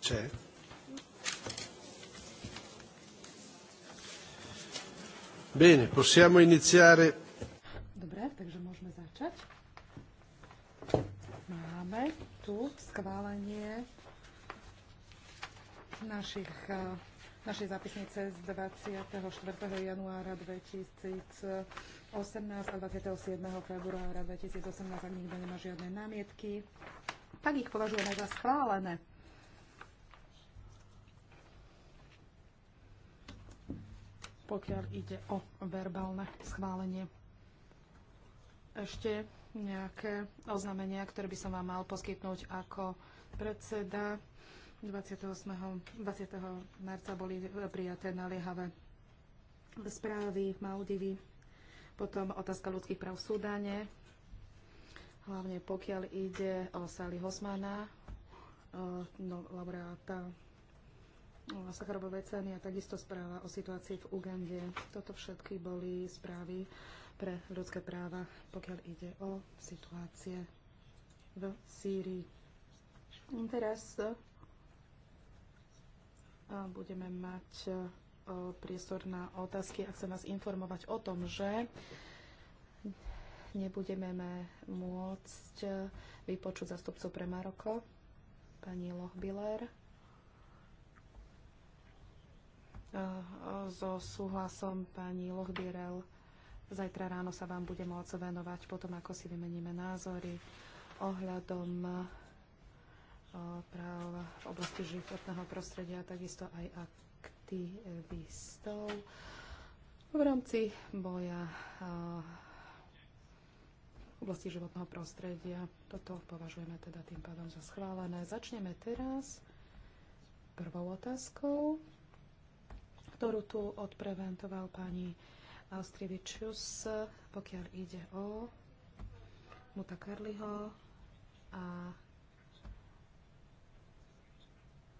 C'è? Bene, possiamo iniziare. Dobre, takže môžeme začať. Máme tu schválenie našich, eh, našej zápisnice z 24. januára 2018 a 27. februára 2018, ak nikto nemá žiadne námietky tak ich považujeme za schválené. pokiaľ ide o verbálne schválenie. Ešte nejaké oznámenia, ktoré by som vám mal poskytnúť ako predseda. 28. 20. marca boli prijaté naliehavé správy Maldivy, potom otázka ľudských práv v Súdane, hlavne pokiaľ ide o Sali Hosmana, no, laureáta sacharobové ceny a takisto správa o situácii v Ugande. Toto všetky boli správy pre ľudské práva, pokiaľ ide o situácie v Sýrii. Teraz e, budeme mať e, priestor na otázky a chcem vás informovať o tom, že nebudeme môcť eh, vypočuť zastupcu pre Maroko, pani Lochbiller. Eh, so súhlasom pani Lochbirel zajtra ráno sa vám budem môcť venovať potom, ako si vymeníme názory ohľadom eh, práv v oblasti životného prostredia, takisto aj aktivistov v rámci boja oblasti životného prostredia. Toto považujeme teda tým pádom za schválené. Začneme teraz prvou otázkou, ktorú tu odpreventoval pani Austrivičius, pokiaľ ide o Muta Karliho a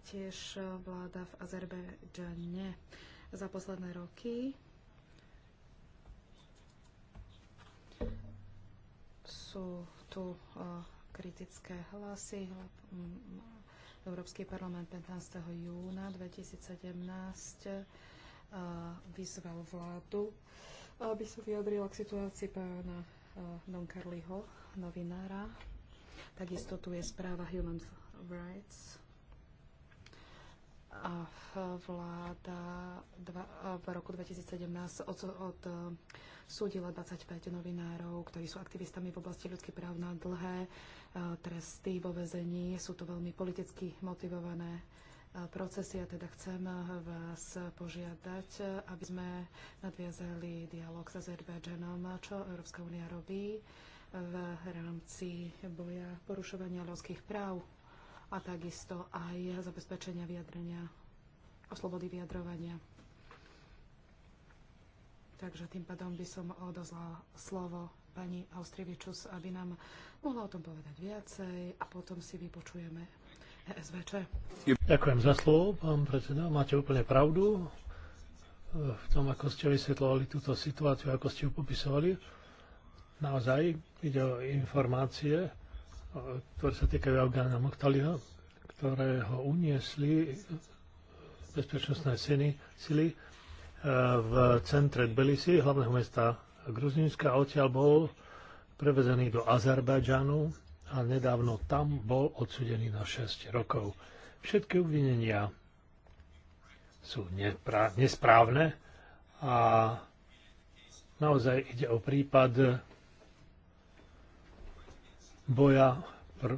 tiež vláda v Azerbejdžane za posledné roky sú tu e, kritické hlasy. Európsky parlament 15. júna 2017 e, vyzval vládu, aby sa vyjadrila k situácii pána e, Don Carliho, novinára. Takisto tu je správa Human Rights a vláda v roku 2017 od, od súdila 25 novinárov, ktorí sú aktivistami v oblasti ľudských práv na dlhé e, tresty vo vezení. Sú to veľmi politicky motivované e, procesy a teda chcem vás požiadať, aby sme nadviazali dialog s Azerbajdžanom, čo Európska únia robí v rámci boja porušovania ľudských práv a takisto aj zabezpečenia vyjadrenia a slobody vyjadrovania. Takže tým pádom by som odozlala slovo pani Austrivičus, aby nám mohla o tom povedať viacej a potom si vypočujeme ESVČ. Ďakujem za slovo, pán predseda. Máte úplne pravdu v tom, ako ste vysvetľovali túto situáciu, ako ste ju popisovali. Naozaj ide o informácie, ktoré sa týkajú Afgána Moktaliho, ktoré ho uniesli bezpečnostné sily, sily e, v centre Tbilisi, hlavného mesta Gruzínska. Odtiaľ bol prevezený do Azerbajdžanu a nedávno tam bol odsudený na 6 rokov. Všetky obvinenia sú nesprávne a naozaj ide o prípad boja pr-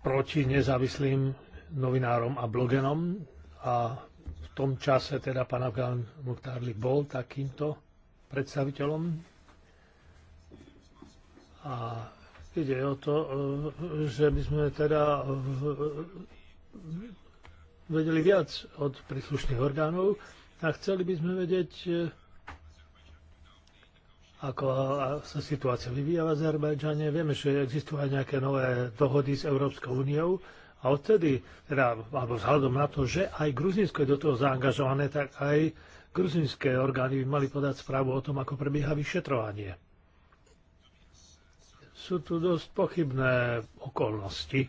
proti nezávislým novinárom a blogenom a v tom čase teda pán Afgán Muktárli bol takýmto predstaviteľom a ide o to, e, že by sme teda e, vedeli viac od príslušných orgánov a chceli by sme vedieť, e, ako sa situácia vyvíja v Azerbajdžane. Vieme, že existujú aj nejaké nové dohody s Európskou úniou a odtedy, teda, alebo vzhľadom na to, že aj Gruzinsko je do toho zaangažované, tak aj gruzinské orgány by mali podať správu o tom, ako prebieha vyšetrovanie. Sú tu dosť pochybné okolnosti, e,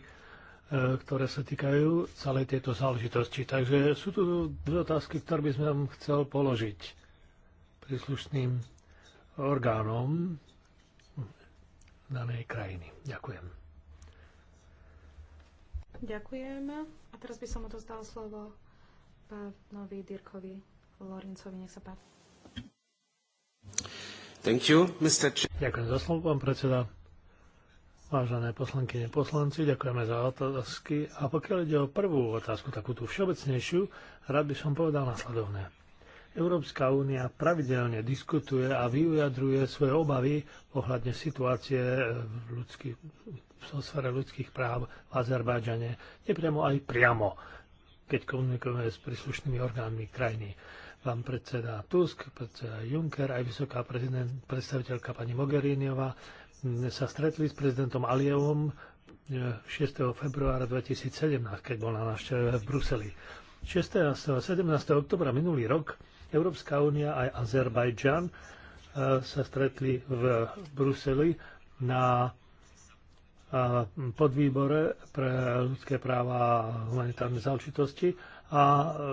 ktoré sa týkajú celej tejto záležitosti. Takže sú tu dve otázky, ktoré by som chcel položiť príslušným orgánom danej krajiny. Ďakujem. Ďakujem. A teraz by som dostal slovo pánovi Dirkovi Lorincovi. Nech sa páči. Thank you, Mr. ďakujem za slovo, pán predseda. Vážené poslankyne, poslanci, ďakujeme za otázky. A pokiaľ ide o prvú otázku, takú tú všeobecnejšiu, rád by som povedal nasledovné. Európska únia pravidelne diskutuje a vyjadruje svoje obavy ohľadne situácie v, ľudský, v sfere ľudských práv v Azerbajdžane, nepriamo aj priamo, keď komunikujeme s príslušnými orgánmi krajiny. Pán predseda Tusk, predseda Juncker, aj vysoká predstaviteľka pani Mogheriniova sa stretli s prezidentom Alievom 6. E, februára 2017, keď bol na návšteve v Bruseli. 6. a 17. oktobra minulý rok Európska únia aj Azerbajdžan eh, sa stretli v Bruseli na eh, podvýbore pre ľudské práva a humanitárne záležitosti a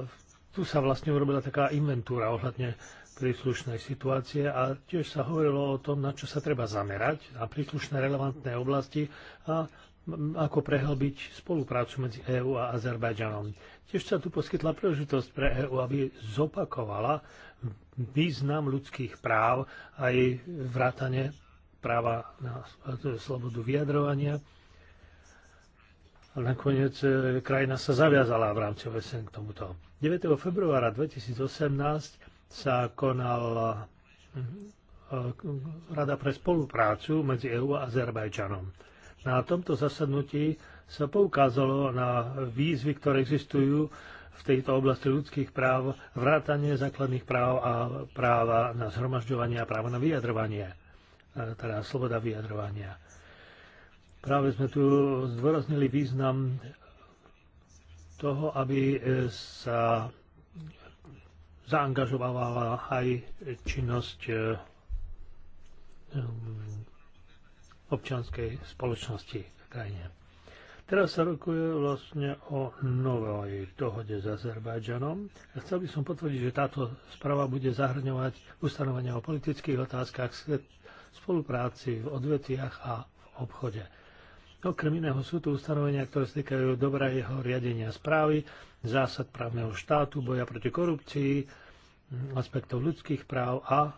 eh, tu sa vlastne urobila taká inventúra ohľadne príslušnej situácie a tiež sa hovorilo o tom, na čo sa treba zamerať na príslušné relevantné oblasti a ako prehlbiť spoluprácu medzi EÚ a Azerbajdžanom. Tiež sa tu poskytla príležitosť pre EÚ, aby zopakovala význam ľudských práv aj vrátane práva na slobodu vyjadrovania. A nakoniec e, krajina sa zaviazala v rámci OSN k tomuto. 9. februára 2018 sa konala e, Rada pre spoluprácu medzi EÚ a Azerbajdžanom. Na tomto zasadnutí sa poukázalo na výzvy, ktoré existujú v tejto oblasti ľudských práv, vrátanie základných práv a práva na zhromažďovanie a práva na vyjadrovanie, e, teda sloboda vyjadrovania. Práve sme tu zdôraznili význam toho, aby e, sa zaangažovala aj činnosť e, občianskej spoločnosti v krajine. Teraz sa rokuje vlastne o novej dohode s Azerbajdžanom. Chcel by som potvrdiť, že táto správa bude zahrňovať ustanovenia o politických otázkach, spolupráci v odvetiach a v obchode. Okrem iného sú tu ustanovenia, ktoré týkajú dobra jeho riadenia správy, zásad právneho štátu, boja proti korupcii, aspektov ľudských práv a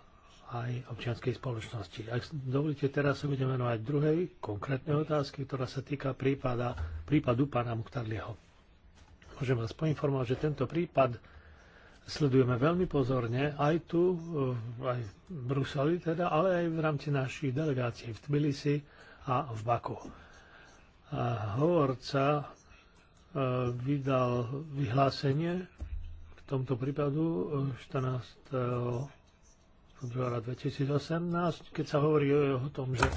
aj občianskej spoločnosti. Ak dovolíte, teraz sa budeme venovať druhej konkrétnej otázky, ktorá sa týka prípada, prípadu pána Muktarlieho. Môžem vás poinformovať, že tento prípad sledujeme veľmi pozorne aj tu, e, aj v Bruseli, teda, ale aj v rámci našich delegácií v Tbilisi a v Baku. A hovorca e, vydal vyhlásenie k tomto prípadu 14. E, februára 2018, keď sa hovorí o, tom, že e,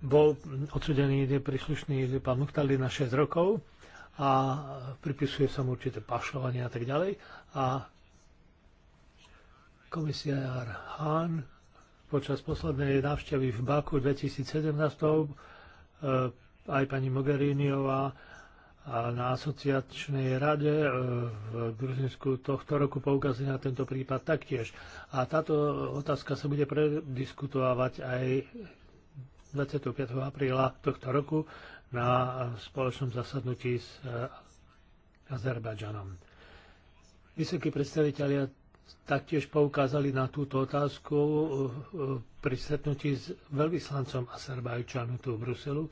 bol odsudený príslušný pán Muhtali na 6 rokov a pripisuje sa mu určité pašovanie a tak ďalej. A komisiár Hahn počas poslednej návštevy v Baku 2017 e, aj pani Mogheriniová a na asociačnej rade e, v Gruzinsku tohto roku poukazili na tento prípad taktiež. A táto otázka sa bude prediskutovať aj 25. apríla tohto roku na spoločnom zasadnutí s e, Azerbajdžanom. Vysokí predstavitelia taktiež poukázali na túto otázku e, pri stretnutí s veľvyslancom Azerbajčanu tu v Bruselu,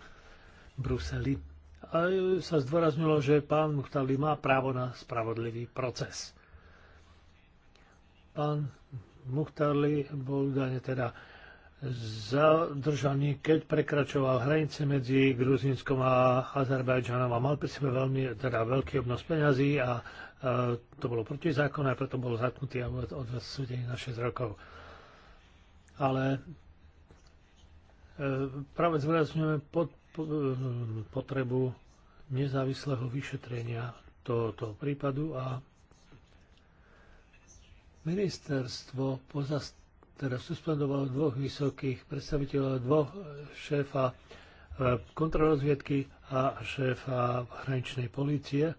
Bruseli a sa zdôraznilo, že pán Muchtali má právo na spravodlivý proces. Pán Muchtarli bol údajne teda zadržaný, keď prekračoval hranice medzi Gruzínskom a Azerbajdžanom a mal pri sebe veľmi, teda veľký obnos peňazí a e, to bolo protizákonné a preto bol zatknutý a odsúdený na 6 rokov. Ale e, práve zvrazňujeme pod, Eh, potrebu nezávislého vyšetrenia tohoto prípadu a ministerstvo pozast teda suspendovalo dvoch vysokých predstaviteľov, dvoch šéfa eh, kontrarozviedky a šéfa hraničnej policie. Eh,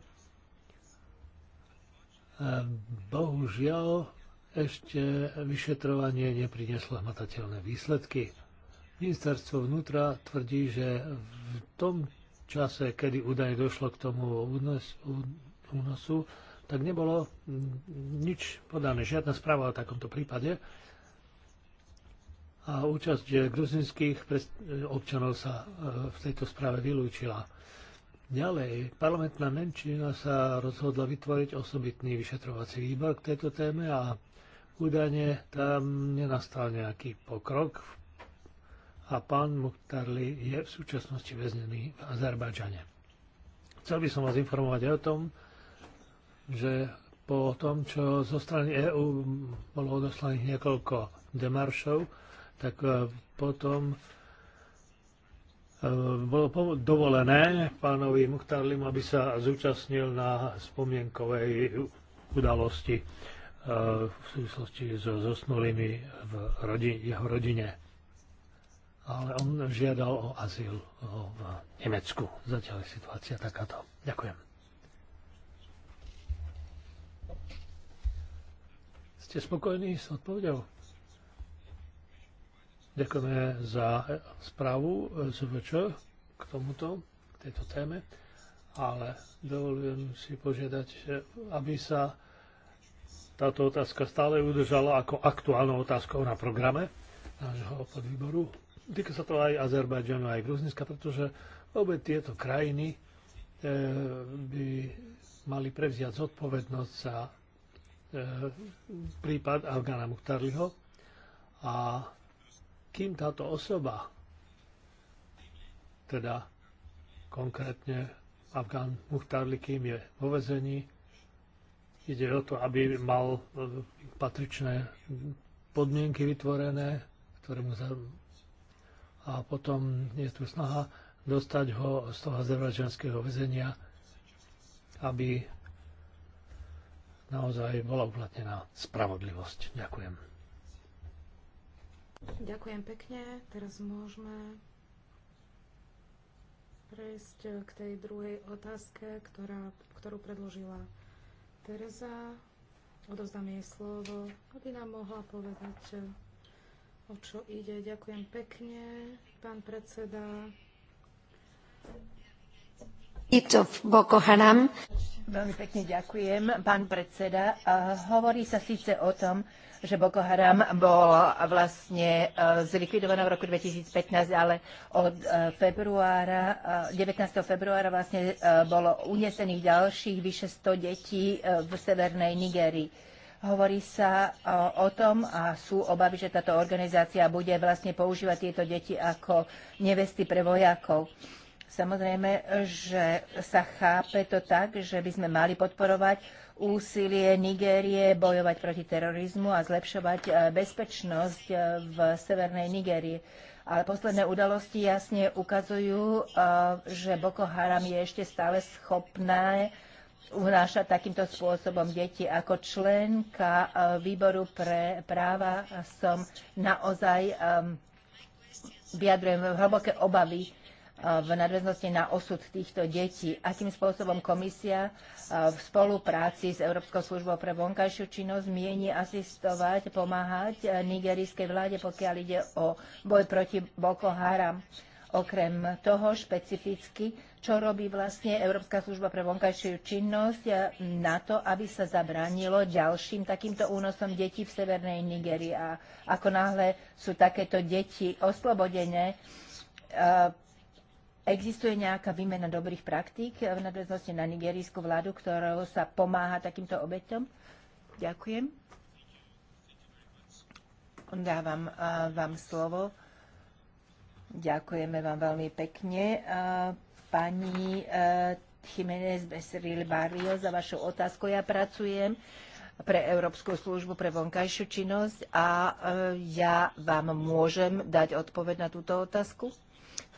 bohužiaľ, ešte vyšetrovanie neprineslo hmatateľné výsledky. Ministerstvo vnútra tvrdí, že v tom čase, kedy údajne došlo k tomu únosu, tak nebolo mm, nič podané, žiadna správa o takomto prípade. A účasť gruzinských občanov sa e, v tejto správe vylúčila. Ďalej, parlamentná menšina sa rozhodla vytvoriť osobitný vyšetrovací výbor k tejto téme a údajne tam nenastal nejaký pokrok v a pán Muhtarli je v súčasnosti väznený v Azerbajdžane. Chcel by som vás informovať aj o tom, že po tom, čo zo strany EÚ bolo odoslaných niekoľko demaršov, tak e, potom e, bolo dovolené pánovi Muhtarlim, aby sa zúčastnil na spomienkovej udalosti e, v súvislosti so zosnulými v rodine, jeho rodine ale on žiadal o azyl v Nemecku. Zatiaľ je situácia takáto. Ďakujem. Ste spokojní s odpovedou? Ďakujeme za správu ZVČ k tomuto, k tejto téme, ale dovolujem si požiadať, aby sa táto otázka stále udržala ako aktuálnou otázkou na programe nášho podvýboru týka sa to aj Azerbajdžanu, aj Gruzinska, pretože obe tieto krajiny e, by mali prevziať zodpovednosť za e, prípad Afgana Muhtarliho a kým táto osoba, teda konkrétne Afgán Muhtarli, kým je vo vezení, ide o to, aby mal e, patričné podmienky vytvorené, ktoré mu a potom je tu snaha dostať ho z toho azerbajdžanského väzenia, aby naozaj bola uplatnená spravodlivosť. Ďakujem. Ďakujem pekne. Teraz môžeme prejsť k tej druhej otázke, ktorá, ktorú predložila Tereza. Odovzdám jej slovo, aby nám mohla povedať o čo ide. Ďakujem pekne, pán predseda. Veľmi pekne ďakujem, pán predseda. Hovorí sa síce o tom, že Boko Haram bol vlastne e, zlikvidovaný v roku 2015, ale od e, februára, 19. E, februára vlastne bolo unesených ďalších vyše 100 detí v severnej Nigérii. Hovorí sa o, o tom a sú obavy, že táto organizácia bude vlastne používať tieto deti ako nevesty pre vojakov. Samozrejme, že sa chápe to tak, že by sme mali podporovať úsilie Nigérie bojovať proti terorizmu a zlepšovať e, bezpečnosť e, v severnej Nigérii. Ale posledné udalosti jasne ukazujú, e, že Boko Haram je ešte stále schopné unáša takýmto spôsobom deti. Ako členka eh, výboru pre práva som naozaj vyjadrujem hlboké obavy eh, v nadväznosti na osud týchto detí. Akým spôsobom komisia eh, v spolupráci s Európskou službou pre vonkajšiu činnosť mieni asistovať, pomáhať nigerijskej vláde, pokiaľ ide o boj proti Boko Haram Okrem toho špecificky, čo robí vlastne Európska služba pre vonkajšiu činnosť na to, aby sa zabránilo ďalším takýmto únosom detí v Severnej Nigerii. A ako náhle sú takéto deti oslobodené, e, Existuje nejaká výmena dobrých praktík v nadväznosti na nigerijskú vládu, ktorou sa pomáha takýmto obeťom? Ďakujem. Dávam vám slovo Ďakujeme vám veľmi pekne. Pani e, Jiménez Beseril Barrio za vašu otázku. Ja pracujem pre Európsku službu pre vonkajšiu činnosť a e, ja vám môžem dať odpoveď na túto otázku.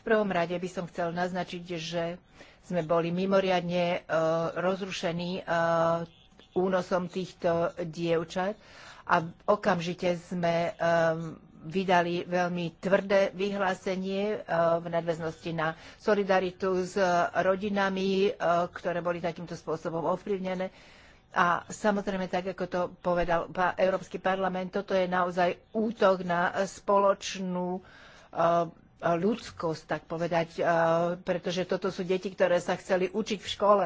V prvom rade by som chcel naznačiť, že sme boli mimoriadne e, rozrušení únosom týchto dievčat a okamžite sme vydali veľmi tvrdé vyhlásenie eh, v nadväznosti na solidaritu s eh, rodinami, eh, ktoré boli takýmto spôsobom ovplyvnené. A samozrejme, tak ako to povedal Európsky parlament, toto je naozaj útok na spoločnú ľudskosť, tak povedať, pretože toto sú deti, ktoré sa chceli učiť v škole.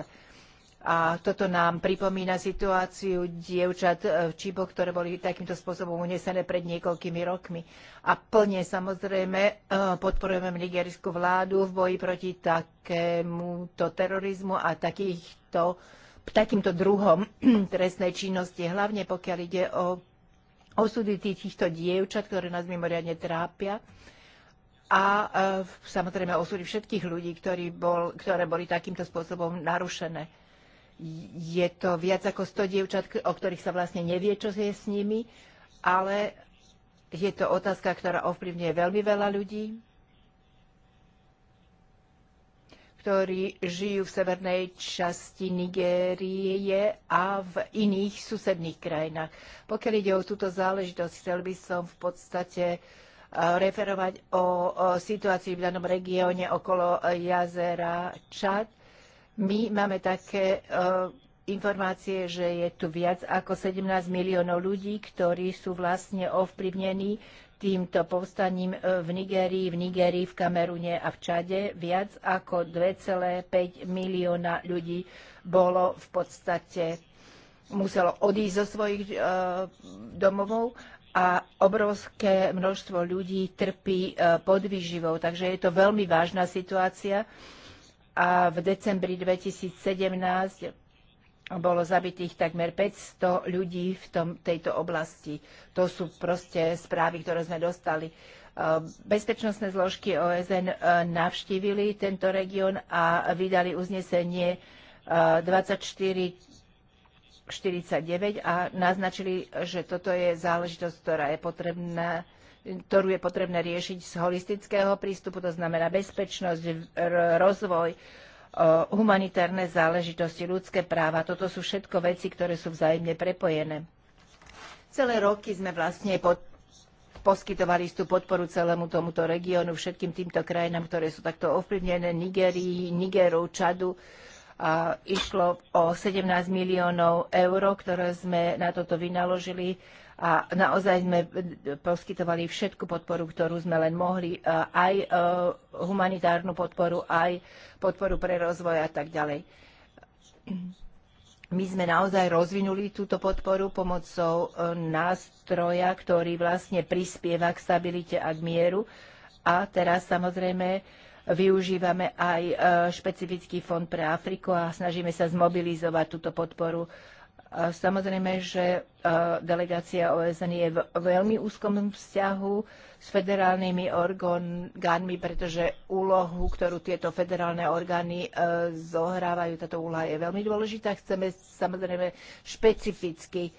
A toto nám pripomína situáciu dievčat v Číboch, ktoré boli takýmto spôsobom unesené pred niekoľkými rokmi. A plne samozrejme eh, podporujeme nigerijskú vládu v boji proti takémuto terorizmu a takýchto, takýmto druhom trestnej činnosti, hlavne pokiaľ ide o osudy týchto dievčat, ktoré nás mimoriadne trápia a e, samozrejme osudy všetkých ľudí, ktorí bol, ktoré boli takýmto spôsobom narušené je to viac ako 100 dievčat, o ktorých sa vlastne nevie, čo je s nimi, ale je to otázka, ktorá ovplyvňuje veľmi veľa ľudí, ktorí žijú v severnej časti Nigérie a v iných susedných krajinách. Pokiaľ ide o túto záležitosť, chcel by som v podstate eh, referovať o, o situácii v danom regióne okolo jazera Čad my máme také eh, informácie, že je tu viac ako 17 miliónov ľudí, ktorí sú vlastne ovplyvnení týmto povstaním eh, v Nigerii, v Nigerii, v Kamerune a v Čade. Viac ako 2,5 milióna ľudí bolo v podstate muselo odísť zo svojich eh, domovov a obrovské množstvo ľudí trpí podvýživou. Takže je to veľmi vážna situácia a v decembri 2017 bolo zabitých takmer 500 ľudí v tom, tejto oblasti. To sú proste správy, ktoré sme dostali. Ehm, bezpečnostné zložky OSN e, navštívili tento región a vydali uznesenie 2449 e, a naznačili, že toto je záležitosť, ktorá je potrebná ktorú je potrebné riešiť z holistického prístupu, to znamená bezpečnosť, rozvoj, humanitárne záležitosti, ľudské práva. Toto sú všetko veci, ktoré sú vzájemne prepojené. Celé roky sme vlastne pod, poskytovali tú podporu celému tomuto regiónu, všetkým týmto krajinám, ktoré sú takto ovplyvnené, Nigerii, Nigeru, Čadu, išlo o 17 miliónov eur, ktoré sme na toto vynaložili a naozaj sme poskytovali všetku podporu, ktorú sme len mohli, e, aj e, humanitárnu podporu, aj podporu pre rozvoj a tak ďalej. My sme naozaj rozvinuli túto podporu pomocou e, nástroja, ktorý vlastne prispieva k stabilite a k mieru. A teraz samozrejme Využívame aj e, špecifický fond pre Afriku a snažíme sa zmobilizovať túto podporu. E, samozrejme, že e, delegácia OSN je v veľmi úzkom vzťahu s federálnymi orgánmi, pretože úlohu, ktorú tieto federálne orgány zohrávajú, táto úloha je veľmi dôležitá. Chceme samozrejme špecificky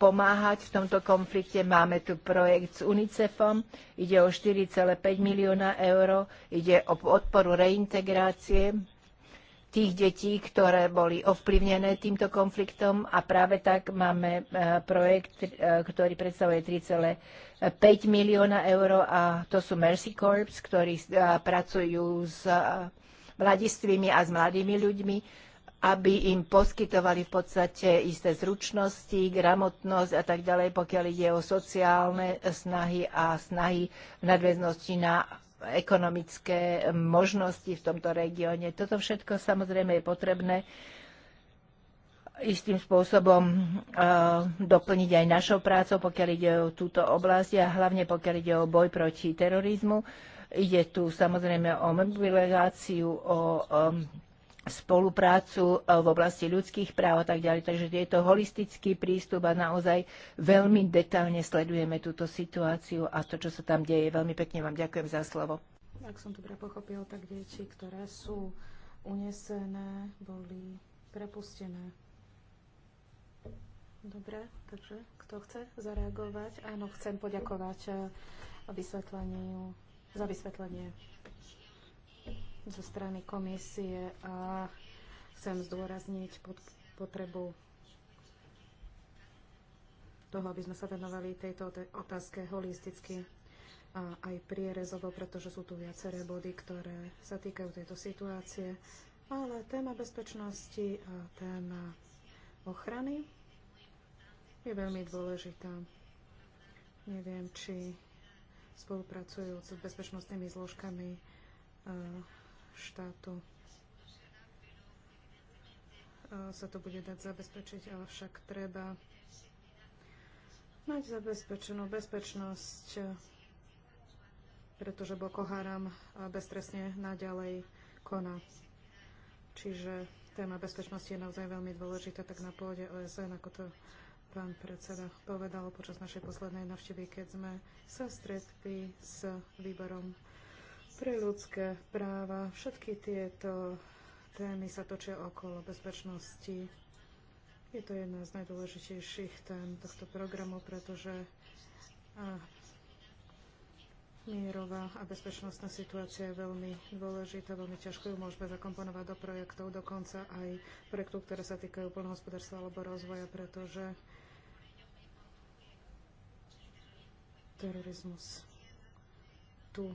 pomáhať v tomto konflikte. Máme tu projekt s UNICEFom, ide o 4,5 milióna eur, ide o podporu reintegrácie tých detí, ktoré boli ovplyvnené týmto konfliktom a práve tak máme e, projekt, e, ktorý predstavuje 3,5 milióna eur a to sú Mercy Corps, ktorí e, pracujú s mladistvými a s mladými ľuďmi aby im poskytovali v podstate isté zručnosti, gramotnosť a tak ďalej, pokiaľ ide o sociálne snahy a snahy v nadväznosti na ekonomické možnosti v tomto regióne. Toto všetko samozrejme je potrebné istým spôsobom uh, doplniť aj našou prácou, pokiaľ ide o túto oblasť a hlavne pokiaľ ide o boj proti terorizmu. Ide tu samozrejme o mobilizáciu, o um, spoluprácu eh, v oblasti ľudských práv a tak ďalej. Takže je to holistický prístup a naozaj veľmi detailne sledujeme túto situáciu a to, čo sa tam deje. Veľmi pekne vám ďakujem za slovo. Ak som dobre pochopil, tak deti, ktoré sú unesené, boli prepustené. Dobre, takže kto chce zareagovať? Áno, chcem poďakovať eh, vysvetleniu, za vysvetlenie zo strany komisie a chcem zdôrazniť potrebu toho, aby sme sa venovali tejto otázke holisticky a aj prierezovo, pretože sú tu viaceré body, ktoré sa týkajú tejto situácie. Ale téma bezpečnosti a téma ochrany je veľmi dôležitá. Neviem, či spolupracujúc s bezpečnostnými zložkami štátu sa to bude dať zabezpečiť, ale však treba mať zabezpečenú bezpečnosť, pretože Boko Haram beztresne naďalej koná. Čiže téma bezpečnosti je naozaj veľmi dôležitá, tak na pôde OSN, ako to pán predseda povedal počas našej poslednej navštivy, keď sme sa stretli s výborom pre ľudské práva. Všetky tieto témy sa točia okolo bezpečnosti. Je to jedna z najdôležitejších tém tohto programu, pretože a mierová a bezpečnostná situácia je veľmi dôležitá, veľmi ťažko ju môžeme zakomponovať do projektov, dokonca aj projektov, ktoré sa týkajú plnohospodárstva alebo rozvoja, pretože terorizmus tu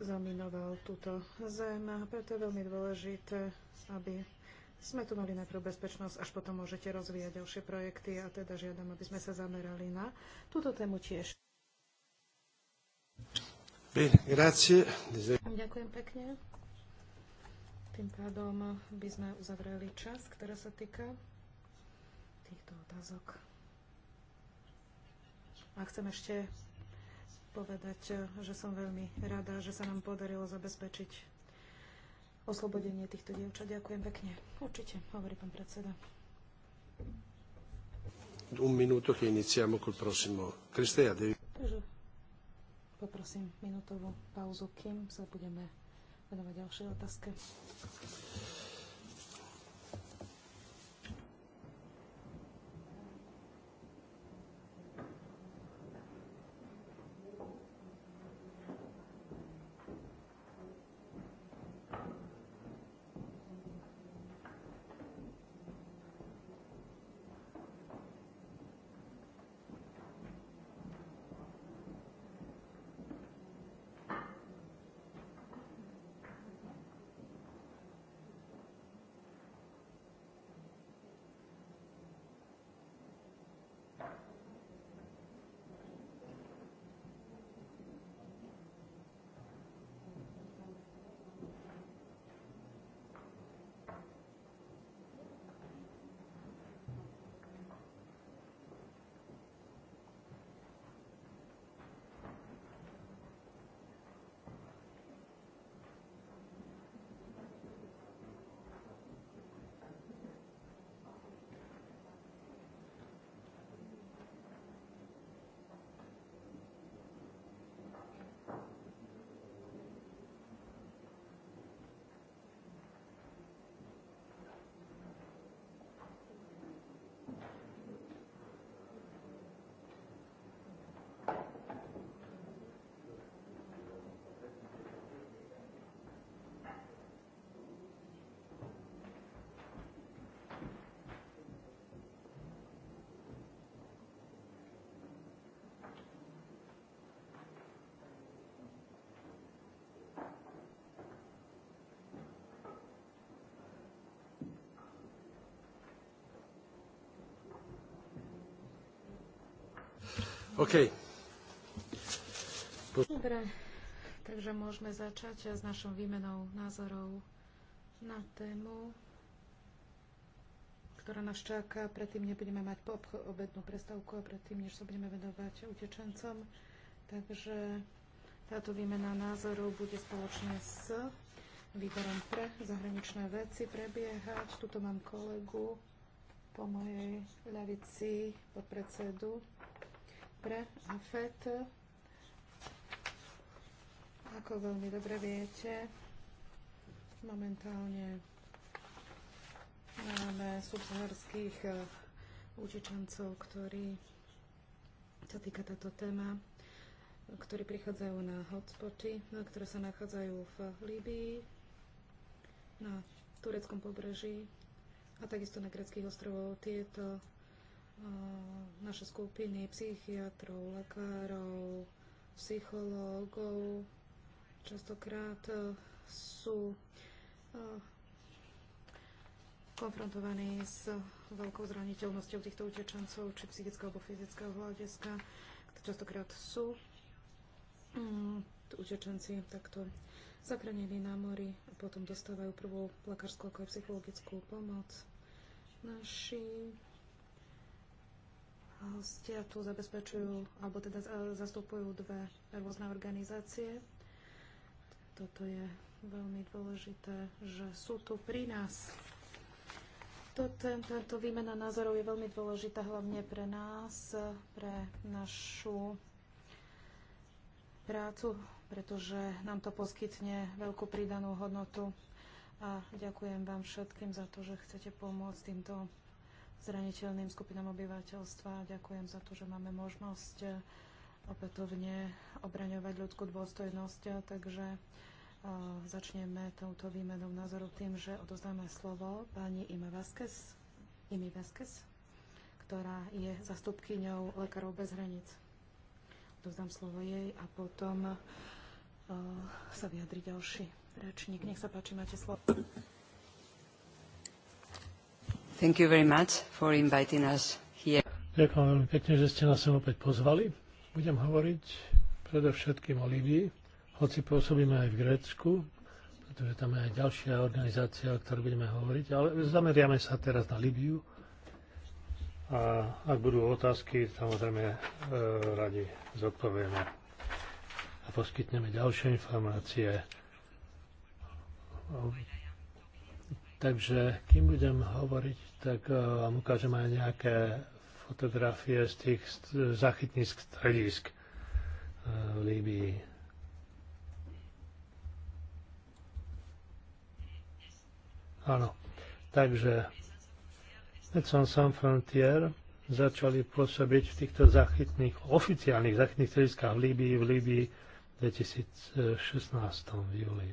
zaminoval túto zem. Preto je veľmi dôležité, aby sme tu mali najprv bezpečnosť, až potom môžete rozvíjať ďalšie projekty a teda žiadam, aby sme sa zamerali na túto tému tiež. Ďakujem pekne. Tým pádom by sme uzavreli čas, ktorá sa týka týchto otázok. A chcem ešte povedať, že som veľmi rada, že sa nám podarilo zabezpečiť oslobodenie týchto dievčat. Ďakujem pekne. Určite, hovorí pán predseda. Un minuto che iniziamo col prossimo. Cristea, devi... Takže poprosím minútovú pauzu, kým sa budeme venovať ďalšej otázke. OK. Dobre, takže môžeme začať s našou výmenou názorov na tému, ktorá nás čaká. Predtým nebudeme mať po obednú prestávku a predtým, než sa budeme venovať utečencom. Takže táto výmena názorov bude spoločne s výborom pre zahraničné veci prebiehať. Tuto mám kolegu po mojej ľavici, podpredsedu pre FET, Ako veľmi dobre viete, momentálne máme subsaharských eh, učičancov, ktorí sa týka táto téma, ktorí prichádzajú na hotspoty, eh, ktoré sa nachádzajú v Líbii, na tureckom pobreží a takisto na greckých ostrovoch. Tieto Ehm, naše skupiny psychiatrov, lekárov, psychológov častokrát eh, sú eh, konfrontovaní s veľkou zraniteľnosťou týchto utečencov, či psychického alebo fyzického hľadiska. Častokrát sú mm, utečenci takto zakranení na mori a potom dostávajú prvú lekárskú ako aj psychologickú pomoc. Naši hostia tu zabezpečujú, alebo teda e, zastupujú dve rôzne organizácie. Toto je veľmi dôležité, že sú tu pri nás. Toto, táto výmena názorov je veľmi dôležitá hlavne pre nás, pre našu prácu, pretože nám to poskytne veľkú pridanú hodnotu. A ďakujem vám všetkým za to, že chcete pomôcť týmto zraniteľným skupinám obyvateľstva. Ďakujem za to, že máme možnosť eh, opätovne obraňovať ľudskú dôstojnosť, takže eh, začneme touto výmenou názoru tým, že odozdáme slovo pani Ime Vázquez, Imi Vázquez, ktorá je zastupkyňou Lekárov bez hraníc. Odozdám slovo jej a potom eh, sa vyjadri ďalší rečník. Nech sa páči, máte slovo. Ďakujem veľmi pekne, že ste nás sem opäť pozvali. Budem hovoriť predovšetkým o Líbii, hoci pôsobíme aj v Grécku, pretože tam je aj ďalšia organizácia, o ktorej budeme hovoriť, ale zameriame sa teraz na Líbiu a ak budú otázky, samozrejme e, radi zodpovieme a poskytneme ďalšie informácie Takže kým budem hovoriť, tak eh, vám ukážem aj nejaké fotografie z tých zachytných stredisk eh, v Líbii. Áno, takže on San Frontier začali pôsobiť v týchto zachytných, oficiálnych zachytných strediskách v Líbii v Líbii v 2016 v júli.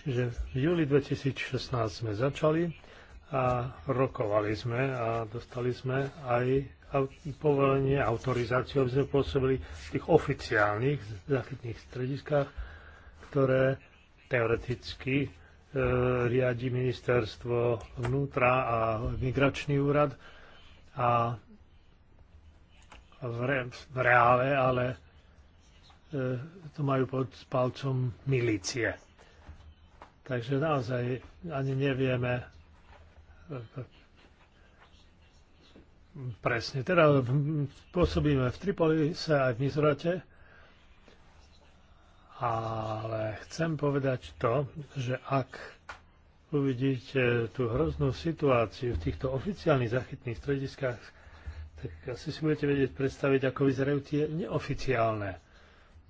Čiže v júli 2016 sme začali a rokovali sme a dostali sme aj povolenie, autorizáciu, aby sme pôsobili v tých oficiálnych zachytných strediskách, ktoré teoreticky e, riadi ministerstvo vnútra a migračný úrad a v, re, v reále, ale e, to majú pod palcom milície Takže naozaj ani nevieme presne. Teda pôsobíme v Tripolise aj v Mizrate, ale chcem povedať to, že ak uvidíte tú hroznú situáciu v týchto oficiálnych zachytných strediskách, tak asi si budete vedieť predstaviť, ako vyzerajú tie neoficiálne,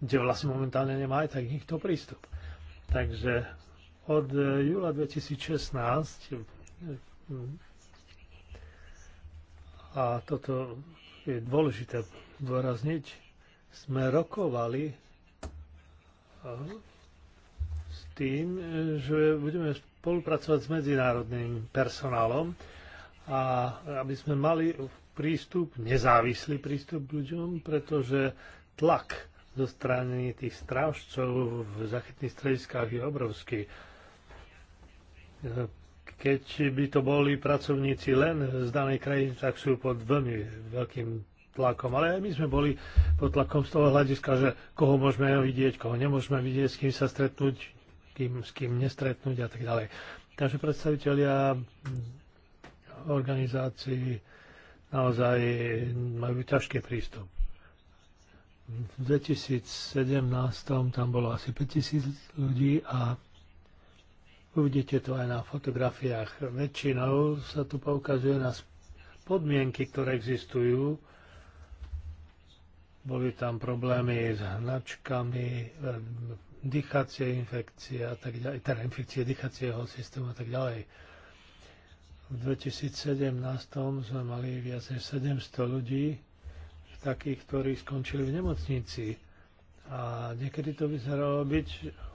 kde vlastne momentálne nemá aj tak nikto prístup. Takže od e, júla 2016 e, a toto je dôležité dôrazniť, sme rokovali e, s tým, že budeme spolupracovať s medzinárodným personálom a aby sme mali prístup, nezávislý prístup k ľuďom, pretože tlak zo strany tých strážcov v zachytných strediskách je obrovský. Keď by to boli pracovníci len z danej krajiny, tak sú pod veľmi veľkým tlakom. Ale aj my sme boli pod tlakom z toho hľadiska, že koho môžeme vidieť, koho nemôžeme vidieť, s kým sa stretnúť, kým, s kým nestretnúť a tak ďalej. Takže predstavitelia organizácií naozaj majú ťažký prístup. V 2017 tam bolo asi 5000 ľudí a Uvidíte to aj na fotografiách. Väčšinou sa tu poukazuje na podmienky, ktoré existujú. Boli tam problémy s hnačkami, eh, dýchacie infekcie a tak ďalej, teda infekcie dýchacieho systému a tak ďalej. V 2017 sme mali viac než 700 ľudí, takých, ktorí skončili v nemocnici. A niekedy to vyzeralo byť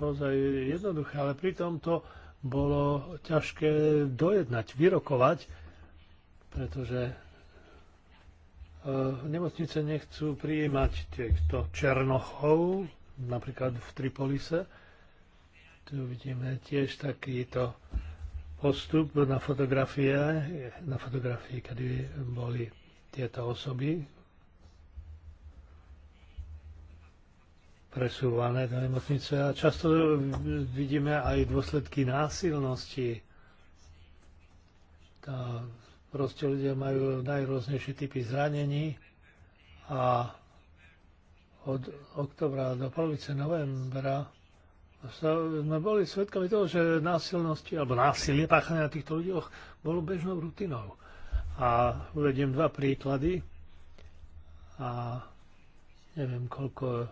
ozaj jednoduché, ale pritom to bolo ťažké dojednať, vyrokovať, pretože e, nemocnice nechcú prijímať týchto černochov, napríklad v Tripolise. Tu vidíme tiež takýto postup na fotografie, na fotografii, kedy boli tieto osoby presúvané do nemocnice a často vidíme aj dôsledky násilnosti. Tá, proste ľudia majú najrôznejšie typy zranení a od oktobra do polovice novembra sme boli svedkami toho, že násilnosti alebo násilie páchané na týchto ľuďoch bolo bežnou rutinou. A uvediem dva príklady a neviem, koľko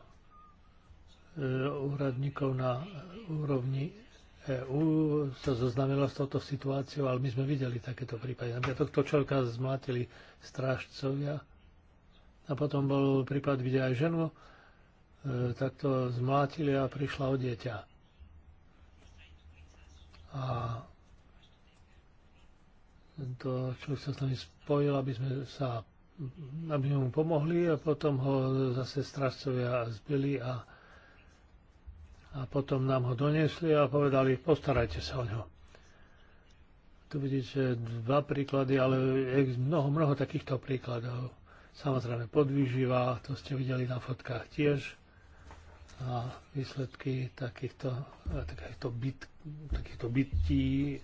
E, úradníkov na úrovni EÚ sa zoznamila s touto situáciou, ale my sme videli takéto prípady. Napríklad tohto človeka zmlátili strážcovia a potom bol prípad, kde aj ženu e, takto zmlátili a prišla o dieťa. A to človek sa s nami spojil, aby sme sa aby mu pomohli a potom ho zase strážcovia zbyli a a potom nám ho doniesli a povedali, postarajte sa o ňo. Tu vidíte dva príklady, ale je mnoho, mnoho takýchto príkladov. Samozrejme podvýživa, to ste videli na fotkách tiež. A výsledky takýchto, takýchto, byt, takýchto bytí,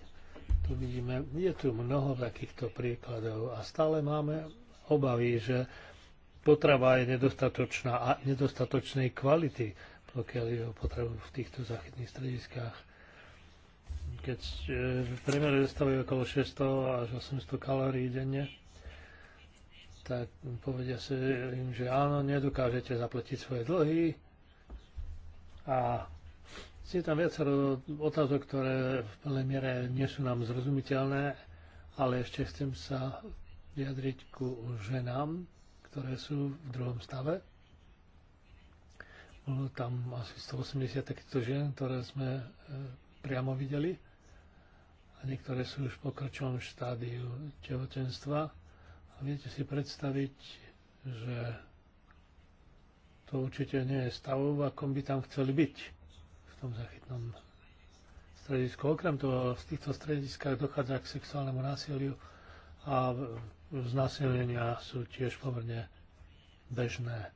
tu vidíme, je tu mnoho takýchto príkladov a stále máme obavy, že potrava je nedostatočná a nedostatočnej kvality pokiaľ je ho potrebu v týchto záchytných strediskách. Keď e, v priemere dostávajú okolo 600 až 800 kalórií denne, tak povedia si im, že áno, nedokážete zaplatiť svoje dlhy a si tam viacero otázok, ktoré v plnej miere nie sú nám zrozumiteľné, ale ešte chcem sa vyjadriť ku ženám, ktoré sú v druhom stave tam asi 180 takýchto žien, ktoré sme e, priamo videli. A niektoré sú už v pokročilom štádiu tehotenstva. A viete si predstaviť, že to určite nie je stav, akom by tam chceli byť v tom zachytnom stredisku. Okrem toho, v týchto strediskách dochádza k sexuálnemu násiliu a znásilnenia sú tiež pomerne bežné.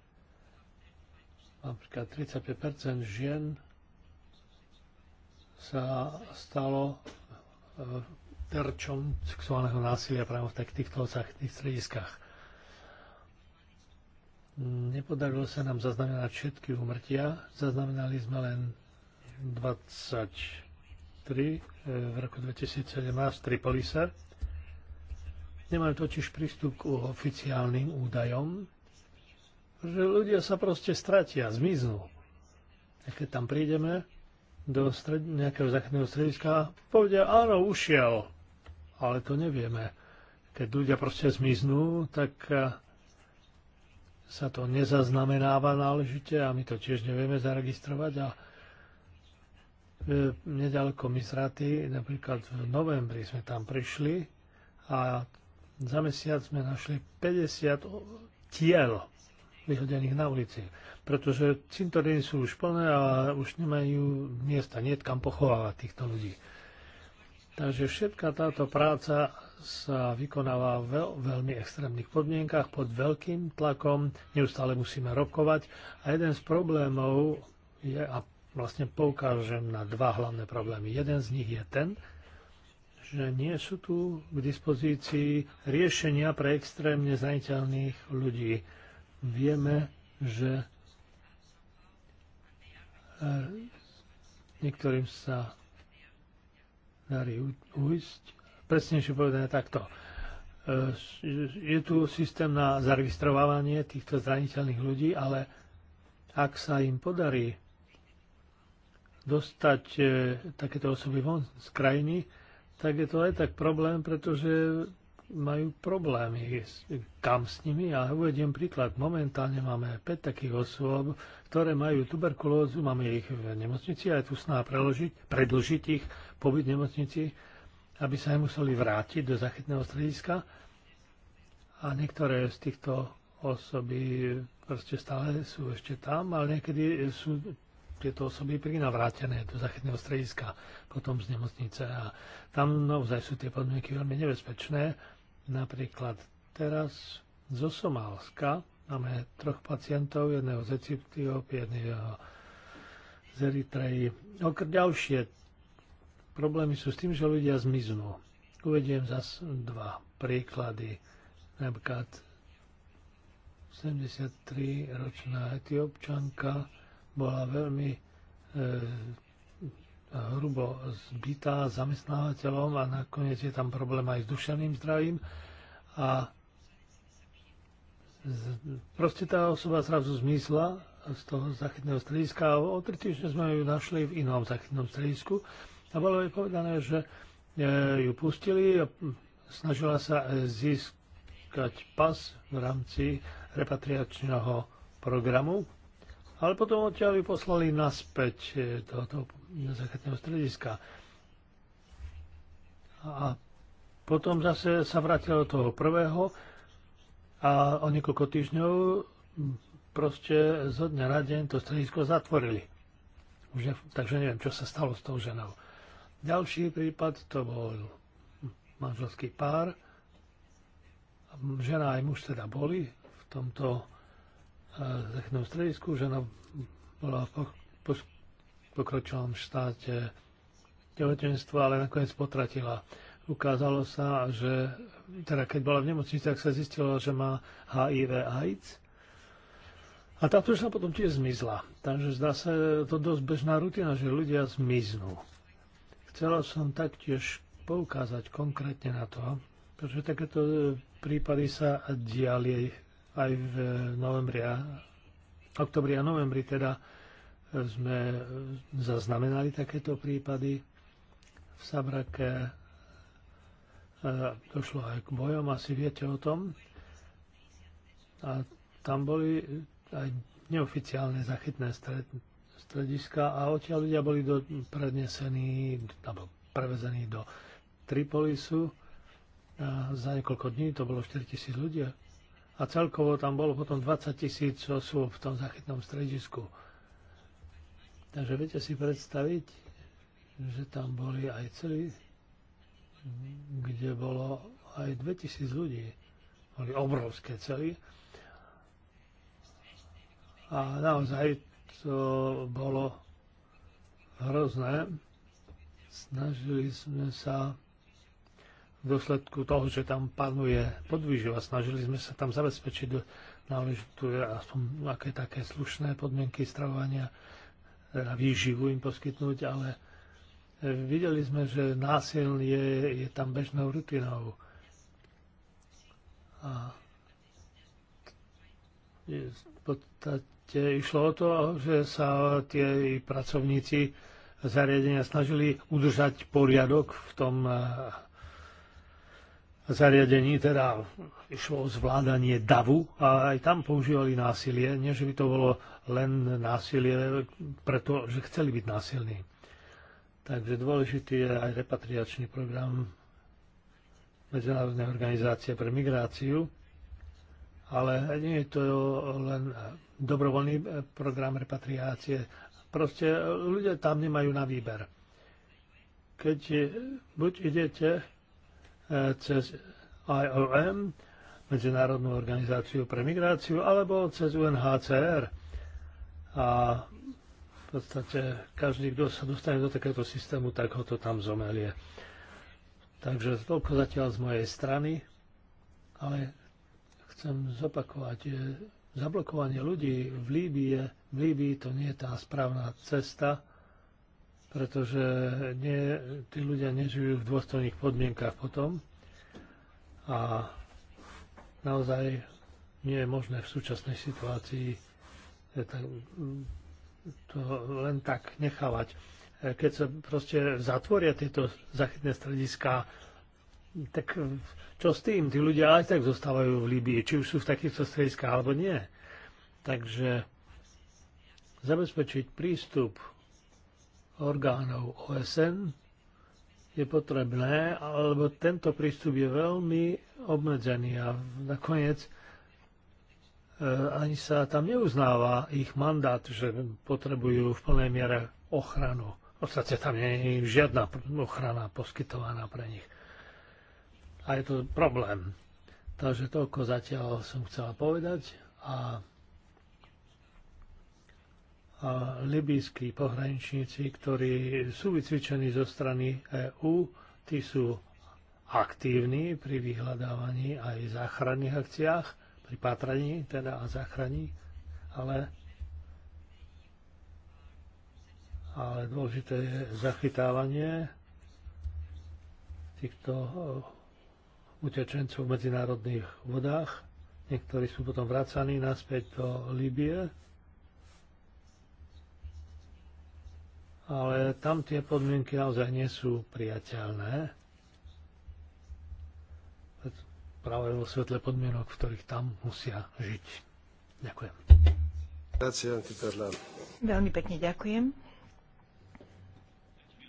Napríklad 35 žien sa stalo e, terčom sexuálneho násilia práve v týchto strediskách. Nepodarilo sa nám zaznamenať všetky úmrtia. Zaznamenali sme len 23 e, v roku 2017 Tripolise. Nemáme totiž prístup k oficiálnym údajom že ľudia sa proste stratia, zmiznú. A keď tam prídeme do stred, nejakého záchranného strediska, povedia, áno, ušiel. Ale to nevieme. Keď ľudia proste zmiznú, tak eh, sa to nezaznamenáva náležite a my to tiež nevieme zaregistrovať. A eh, nedaleko Misraty, napríklad v novembri sme tam prišli a za mesiac sme našli 50 tiel vyhodených na ulici. Pretože cintoríny sú už plné a už nemajú miesta, nie kam pochovávať týchto ľudí. Takže všetká táto práca sa vykonáva v veľ, veľmi extrémnych podmienkach, pod veľkým tlakom, neustále musíme rokovať. A jeden z problémov je, a vlastne poukážem na dva hlavné problémy. Jeden z nich je ten, že nie sú tu k dispozícii riešenia pre extrémne zraniteľných ľudí vieme, že e, niektorým sa darí ujsť. Presnejšie povedané takto. E, je tu systém na zaregistrovávanie týchto zraniteľných ľudí, ale ak sa im podarí dostať e, takéto osoby von z krajiny, tak je to aj tak problém, pretože majú problémy, kam s nimi. A ja uvediem príklad. Momentálne máme 5 takých osôb, ktoré majú tuberkulózu, máme ich v nemocnici a je tu sná preložiť, predlžiť ich pobyt v nemocnici, aby sa nemuseli vrátiť do zachytného strediska. A niektoré z týchto osoby proste stále sú ešte tam, ale niekedy sú tieto osoby prinavrátené do zachytného strediska, potom z nemocnice. A tam naozaj sú tie podmienky veľmi nebezpečné Napríklad teraz zo Somálska máme troch pacientov, jedného z Etiópie, jedného z Eritreji. Okr ďalšie problémy sú s tým, že ľudia zmiznú. Uvediem zase dva príklady. Napríklad 73-ročná etiópčanka bola veľmi e, hrubo zbytá zamestnávateľom a nakoniec je tam problém aj s duševným zdravím a z, proste tá osoba zrazu zmizla z toho zachytného strediska a o tri týždne sme ju našli v inom zachytnom stredisku a bolo jej povedané, že e, ju pustili a snažila sa e, získať pas v rámci repatriačného programu ale potom odtiaľ ju poslali naspäť e, do toho zachytného strediska. A potom zase sa vrátil do toho prvého a o niekoľko týždňov proste zo dňa na deň to stredisko zatvorili. Už ne, takže neviem, čo sa stalo s tou ženou. Ďalší prípad to bol manželský pár. Žena aj muž teda boli v tomto technom stredisku. Žena bola v pokročilom štáte tehotenstva, ale nakoniec potratila. Ukázalo sa, že teda keď bola v nemocnici, tak sa zistilo, že má HIV AIDS. A táto sa potom tiež zmizla. Takže zdá sa to dosť bežná rutina, že ľudia zmiznú. Chcela som taktiež poukázať konkrétne na to, pretože takéto prípady sa diali aj v novembri a oktobri a novembri teda e, sme zaznamenali takéto prípady. V Sabrake e, došlo aj k bojom, asi viete o tom. A tam boli aj neoficiálne zachytné strediska a odtiaľ ľudia boli do, prednesení alebo prevezení do Tripolisu a za niekoľko dní, to bolo 4000 ľudí, a celkovo tam bolo potom 20 tisíc osôb v tom zachytnom stredisku. Takže viete si predstaviť, že tam boli aj celí, kde bolo aj 2000 ľudí. Boli obrovské cely. A naozaj to bolo hrozné. Snažili sme sa v dôsledku toho, že tam panuje podvýživa. Snažili sme sa tam zabezpečiť náležitú, aspoň aké také slušné podmienky stravovania, a výživu im poskytnúť, ale e, videli sme, že násil je tam bežnou rutinou. A v podstate išlo o to, že sa tie pracovníci zariadenia snažili udržať poriadok v tom e, zariadení, teda išlo o zvládanie davu a aj tam používali násilie, nie že by to bolo len násilie, pretože, že chceli byť násilní. Takže dôležitý je aj repatriačný program Medzinárodnej organizácie pre migráciu, ale nie je to len dobrovoľný program repatriácie. Proste ľudia tam nemajú na výber. Keď buď idete cez IOM, Medzinárodnú organizáciu pre migráciu, alebo cez UNHCR. A v podstate každý, kto sa dostane do takéhoto systému, tak ho to tam zomelie. Takže toľko zatiaľ z mojej strany, ale chcem zopakovať, zablokovanie ľudí v Líbii, v Líbii to nie je tá správna cesta, pretože nie, tí ľudia nežijú v dôstojných podmienkách potom a naozaj nie je možné v súčasnej situácii e, to len tak nechávať. E, keď sa proste zatvoria tieto zachytné strediská, tak čo s tým? Tí ľudia aj tak zostávajú v Líbii, či už sú v takýchto strediskách alebo nie. Takže zabezpečiť prístup orgánov OSN je potrebné, alebo tento prístup je veľmi obmedzený a nakoniec e, ani sa tam neuznáva ich mandát, že potrebujú v plnej miere ochranu. V podstate tam nie je žiadna ochrana poskytovaná pre nich. A je to problém. Takže toľko zatiaľ som chcela povedať a a libijskí pohraničníci, ktorí sú vycvičení zo strany EÚ, tí sú aktívni pri vyhľadávaní aj záchranných akciách, pri pátraní teda a záchraní, ale, ale dôležité je zachytávanie týchto e, utečencov v medzinárodných vodách. Niektorí sú potom vracaní naspäť do Libie, ale tam tie podmienky naozaj nie sú priateľné. Práve vo svetle podmienok, v ktorých tam musia žiť. Ďakujem. Veľmi pekne ďakujem.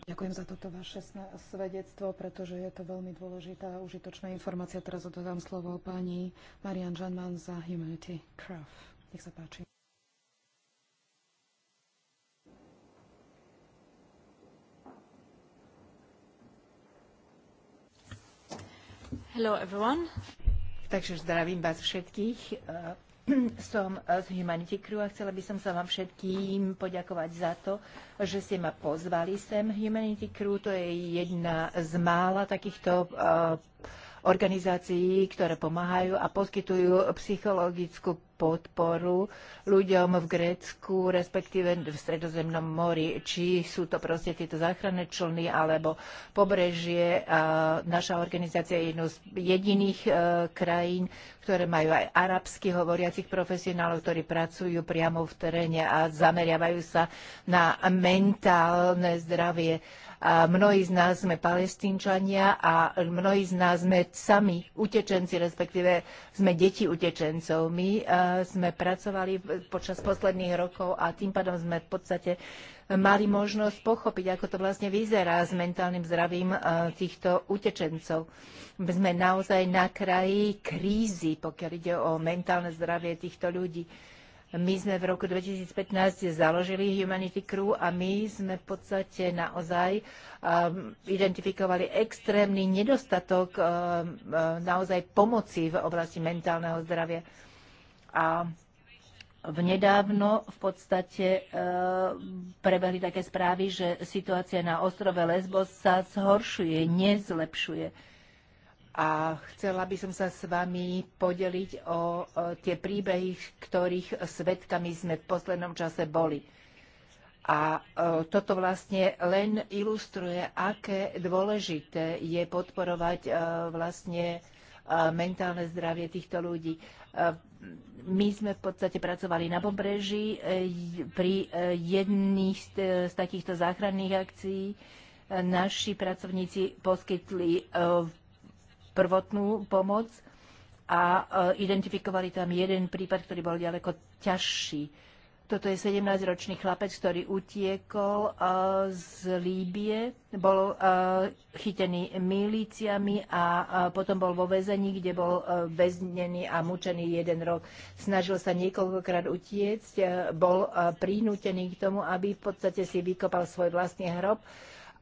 Ďakujem za toto vaše svedectvo, pretože je to veľmi dôležitá a užitočná informácia. Teraz odovzdám slovo pani Marian Žanman za Humanity Craft. Nech sa páči. Hello everyone. Takže zdravím vás všetkých. Eh, som z Humanity Crew a chcela by som sa vám všetkým poďakovať za to, že ste ma pozvali sem. Humanity Crew to je jedna z mála takýchto eh, organizácií, ktoré pomáhajú a poskytujú psychologickú podporu ľuďom v Grécku, respektíve v Stredozemnom mori, či sú to proste tieto záchranné člny alebo pobrežie. naša organizácia je jednou z jediných e, krajín, ktoré majú aj arabsky hovoriacich profesionálov, ktorí pracujú priamo v teréne a zameriavajú sa na mentálne zdravie. A mnohí z nás sme palestínčania a mnohí z nás sme sami utečenci, respektíve sme deti utečencov. My e, sme pracovali počas posledných rokov a tým pádom sme v podstate mali možnosť pochopiť, ako to vlastne vyzerá s mentálnym zdravím e, týchto utečencov. Sme naozaj na kraji krízy, pokiaľ ide o mentálne zdravie týchto ľudí. My sme v roku 2015 založili Humanity Crew a my sme v podstate naozaj um, identifikovali extrémny nedostatok um, naozaj pomoci v oblasti mentálneho zdravia. A v nedávno v podstate e, prebehli také správy, že situácia na ostrove Lesbos sa zhoršuje, nezlepšuje. A chcela by som sa s vami podeliť o e, tie príbehy, ktorých svetkami sme v poslednom čase boli. A e, toto vlastne len ilustruje, aké dôležité je podporovať vlastne mentálne zdravie týchto ľudí my sme v podstate pracovali na pobreží e, pri e, jedných e, z takýchto záchranných akcií. Naši pracovníci poskytli prvotnú pomoc a identifikovali tam jeden prípad, ktorý bol ďaleko ťažší toto je 17-ročný chlapec, ktorý utiekol eh, z Líbie, bol eh, chytený milíciami a eh, potom bol vo väzení, kde bol väznený a mučený jeden rok. Snažil sa niekoľkokrát utiecť, bol prinútený k tomu, aby v podstate si vykopal svoj vlastný hrob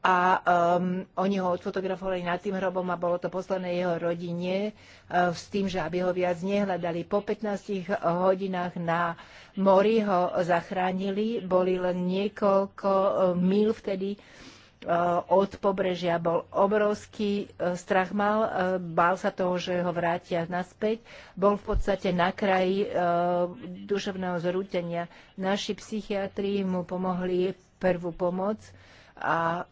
a um, oni ho odfotografovali nad tým hrobom a bolo to poslané jeho rodine uh, s tým, že aby ho viac nehľadali. Po 15 hodinách na mori ho zachránili, boli len niekoľko uh, mil vtedy uh, od pobrežia. Bol obrovský uh, strach mal, uh, bál sa toho, že ho vrátia naspäť. Bol v podstate na kraji uh, duševného zrútenia. Naši psychiatri mu pomohli prvú pomoc. Uh, a e,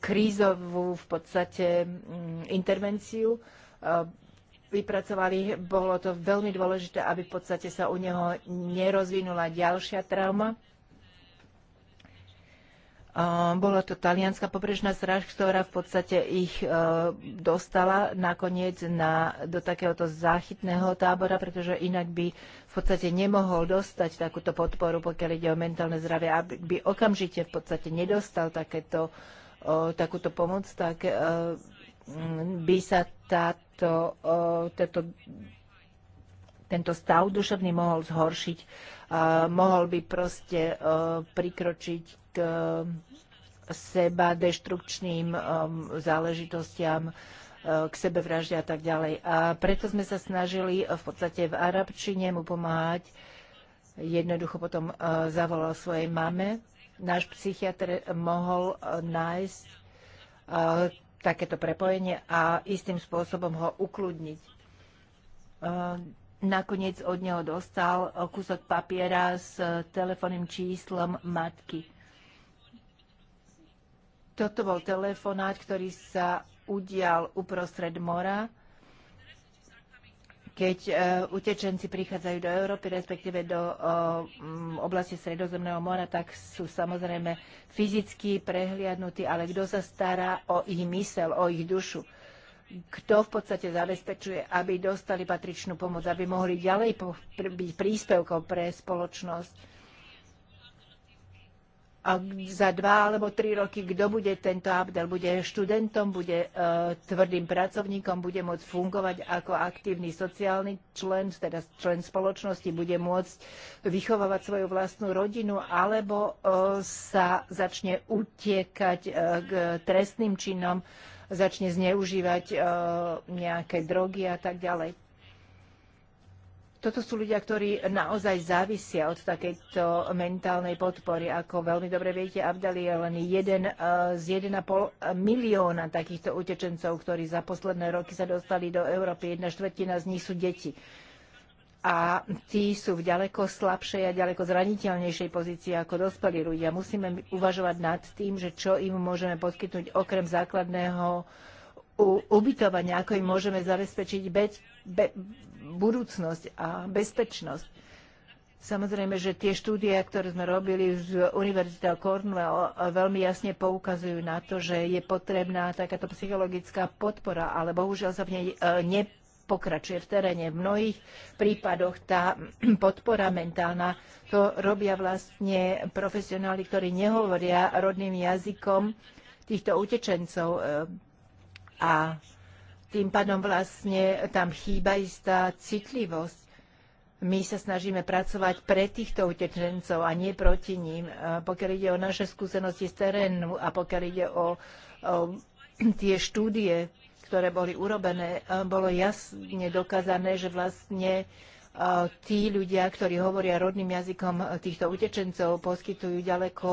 krízovú v podstate intervenciu e, vypracovali. Bolo to veľmi dôležité, aby v podstate sa u neho nerozvinula ďalšia trauma. Bola to talianská pobrežná stráž, ktorá v podstate ich e, dostala nakoniec na, do takéhoto záchytného tábora, pretože inak by v podstate nemohol dostať takúto podporu, pokiaľ ide o mentálne zdravie, aby by okamžite v podstate nedostal takéto, takúto pomoc, tak e, by sa táto, táto tento stav duševný mohol zhoršiť, mohol by proste e, prikročiť k e, seba deštrukčným e, záležitostiam, k sebevražde a tak ďalej. A preto sme sa snažili v podstate v arabčine mu pomáhať. Jednoducho potom zavolal svojej mame. Náš psychiatr mohol nájsť takéto prepojenie a istým spôsobom ho ukludniť nakoniec od neho dostal kúsok papiera s telefónnym číslom matky. Toto bol telefonát, ktorý sa udial uprostred mora, keď uh, utečenci prichádzajú do Európy, respektíve do uh, oblasti Sredozemného mora, tak sú samozrejme fyzicky prehliadnutí, ale kto sa stará o ich mysel, o ich dušu? kto v podstate zabezpečuje, aby dostali patričnú pomoc, aby mohli ďalej byť príspevkom pre spoločnosť a za dva alebo tri roky, kto bude tento Abdel? Bude študentom, bude uh, tvrdým pracovníkom, bude môcť fungovať ako aktívny sociálny člen, teda člen spoločnosti, bude môcť vychovávať svoju vlastnú rodinu, alebo uh, sa začne utiekať uh, k trestným činom, začne zneužívať uh, nejaké drogy a tak ďalej toto sú ľudia, ktorí naozaj závisia od takejto mentálnej podpory. Ako veľmi dobre viete, Abdali je len jeden eh, z 1,5 eh, milióna takýchto utečencov, ktorí za posledné roky sa dostali do Európy. Jedna štvrtina z nich sú deti. A tí sú v ďaleko slabšej a ďaleko zraniteľnejšej pozícii ako dospelí ľudia. Musíme uvažovať nad tým, že čo im môžeme poskytnúť okrem základného ubytovania, ako im môžeme zabezpečiť be, be, budúcnosť a bezpečnosť. Samozrejme, že tie štúdie, ktoré sme robili z Univerzita Cornwall, veľmi jasne poukazujú na to, že je potrebná takáto psychologická podpora, ale bohužiaľ sa v nej e, nepokračuje v teréne. V mnohých prípadoch tá podpora mentálna to robia vlastne profesionáli, ktorí nehovoria rodným jazykom týchto utečencov e, a tým pádom vlastne tam chýba istá citlivosť. My sa snažíme pracovať pre týchto utečencov a nie proti ním. Pokiaľ ide o naše skúsenosti z terénu a pokiaľ ide o, o tie štúdie, ktoré boli urobené, bolo jasne dokázané, že vlastne tí ľudia, ktorí hovoria rodným jazykom týchto utečencov, poskytujú ďaleko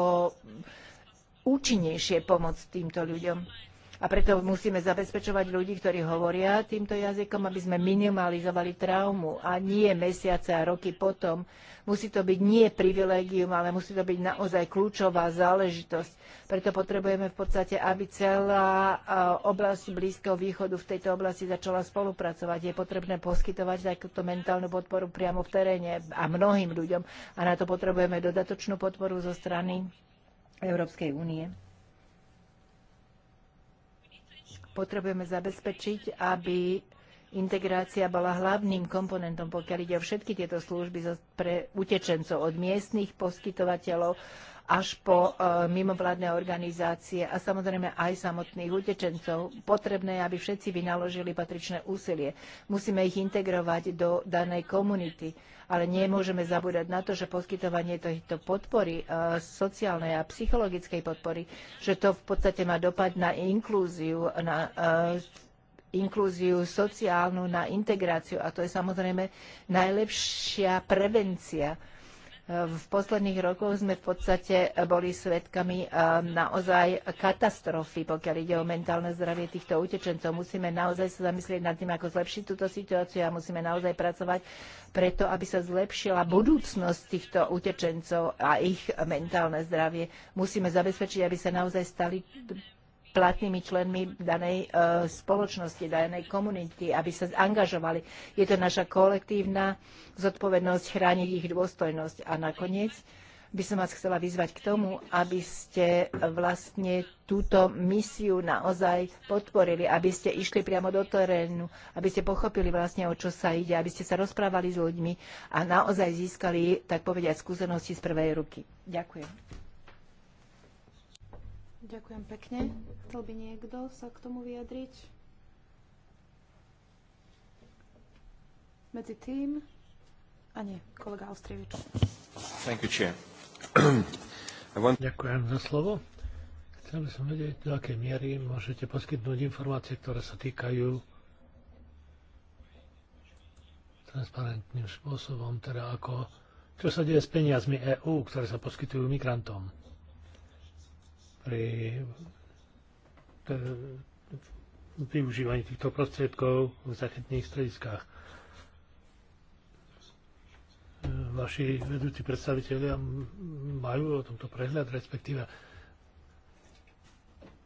účinnejšie pomoc týmto ľuďom. A preto musíme zabezpečovať ľudí, ktorí hovoria týmto jazykom, aby sme minimalizovali traumu. A nie mesiace a roky potom. Musí to byť nie privilegium, ale musí to byť naozaj kľúčová záležitosť. Preto potrebujeme v podstate, aby celá oblasť Blízkeho východu v tejto oblasti začala spolupracovať. Je potrebné poskytovať takúto mentálnu podporu priamo v teréne a mnohým ľuďom. A na to potrebujeme dodatočnú podporu zo strany Európskej únie potrebujeme zabezpečiť, aby Integrácia bola hlavným komponentom, pokiaľ ide o všetky tieto služby pre utečencov od miestných poskytovateľov až po e, mimovládne organizácie a samozrejme aj samotných utečencov. Potrebné je, aby všetci vynaložili patričné úsilie. Musíme ich integrovať do danej komunity, ale nemôžeme zabúdať na to, že poskytovanie tejto podpory, e, sociálnej a psychologickej podpory, že to v podstate má dopad na inklúziu, na e, inklúziu sociálnu, na integráciu. A to je samozrejme najlepšia prevencia. E, v posledných rokoch sme v podstate boli svedkami e, naozaj katastrofy, pokiaľ ide o mentálne zdravie týchto utečencov. Musíme naozaj sa zamyslieť nad tým, ako zlepšiť túto situáciu a musíme naozaj pracovať preto, aby sa zlepšila budúcnosť týchto utečencov a ich mentálne zdravie. Musíme zabezpečiť, aby sa naozaj stali platnými členmi danej e, spoločnosti, danej komunity, aby sa angažovali. Je to naša kolektívna zodpovednosť chrániť ich dôstojnosť. A nakoniec by som vás chcela vyzvať k tomu, aby ste vlastne túto misiu naozaj podporili, aby ste išli priamo do terénu, aby ste pochopili vlastne, o čo sa ide, aby ste sa rozprávali s ľuďmi a naozaj získali, tak povediať, skúsenosti z prvej ruky. Ďakujem. Ďakujem pekne. Chcel by niekto sa k tomu vyjadriť? Medzi tým... A nie, kolega Austrievič. Thank you, chair. want... Ďakujem za slovo. Chcel by som vedieť, do akej miery môžete poskytnúť informácie, ktoré sa týkajú transparentným spôsobom, teda ako čo sa deje s peniazmi EÚ, ktoré sa poskytujú migrantom pri využívaní týchto prostriedkov v zachytných strediskách. Vaši vedúci predstaviteľia majú o tomto prehľad, respektíve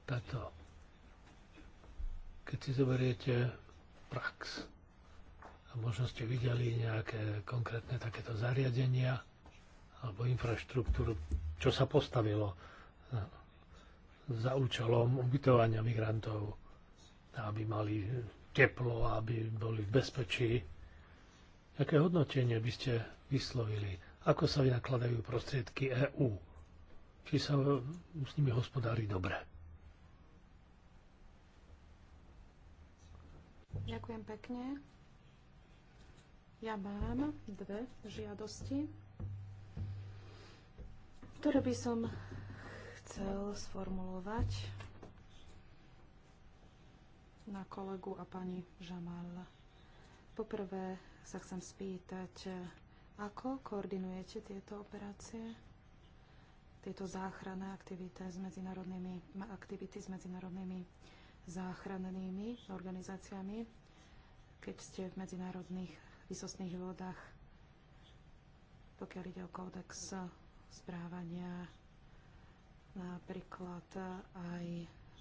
táto, keď si zoberiete prax a možno ste videli nejaké konkrétne takéto zariadenia alebo infraštruktúru, čo sa postavilo za účelom ubytovania migrantov, aby mali teplo, aby boli v bezpečí. Aké hodnotenie by ste vyslovili? Ako sa vynakladajú prostriedky EÚ? Či sa s nimi hospodári dobre? Ďakujem pekne. Ja mám dve žiadosti, ktoré by som chcel sformulovať na kolegu a pani Žamal. Poprvé sa chcem spýtať, ako koordinujete tieto operácie, tieto záchranné aktivity s medzinárodnými, aktivity s medzinárodnými záchrannými organizáciami, keď ste v medzinárodných vysostných vodách, pokiaľ ide o kódex správania napríklad eh, aj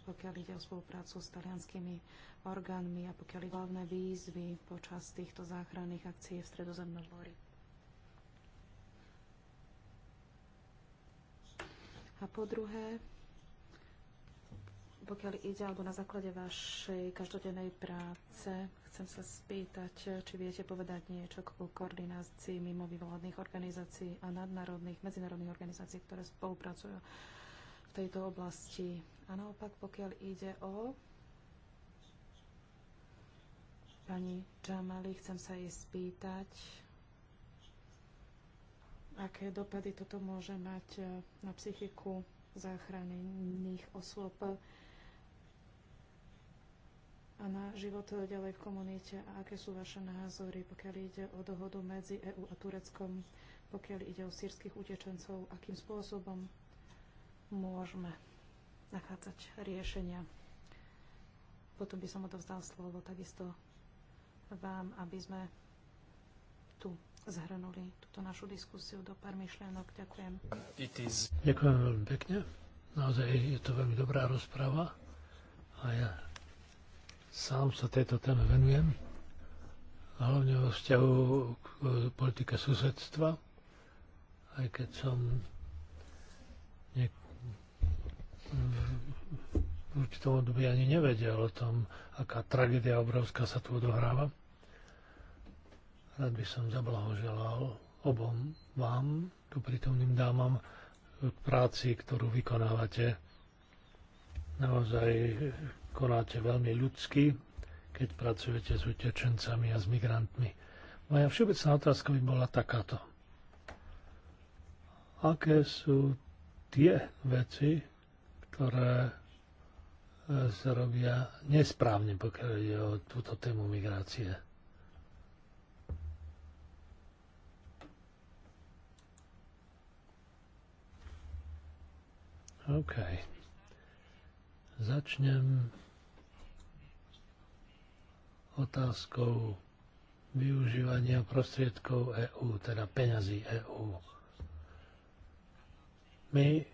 pokiaľ ide o spoluprácu s talianskými orgánmi a pokiaľ ide o hlavné výzvy počas týchto záchranných akcií v Stredozemnom mori. A po druhé, pokiaľ ide, alebo na základe vašej každodennej práce, chcem sa spýtať, eh, či viete povedať niečo ku koordinácii mimo mimovývladných organizácií a nadnárodných, medzinárodných organizácií, ktoré spolupracujú tejto oblasti. A naopak, pokiaľ ide o pani Džamali, chcem sa jej spýtať, aké dopady toto môže mať e, na psychiku záchranných osôb a na život ďalej v komunite a aké sú vaše názory, pokiaľ ide o dohodu medzi EÚ a Tureckom, pokiaľ ide o sírskych utečencov, akým spôsobom môžeme nachádzať riešenia. Potom by som odovzdal slovo takisto vám, aby sme tu zhrnuli túto našu diskusiu do pár myšlienok. Ďakujem. Is... Ďakujem veľmi pekne. Naozaj je to veľmi dobrá rozprava a ja sám sa tejto téme venujem, hlavne vo vzťahu k politike susedstva, aj keď som v mm, určitom období ani nevedel o tom, aká tragédia obrovská sa tu odohráva. Rád by som zablahoželal obom vám, tu prítomným dámam, k práci, ktorú vykonávate. Naozaj konáte veľmi ľudsky, keď pracujete s utečencami a s migrantmi. Moja všeobecná otázka by bola takáto aké sú tie veci, ktoré e, sa robia nesprávne, pokiaľ ide o túto tému migrácie. OK. Začnem otázkou využívania prostriedkov EÚ, teda peňazí EÚ. My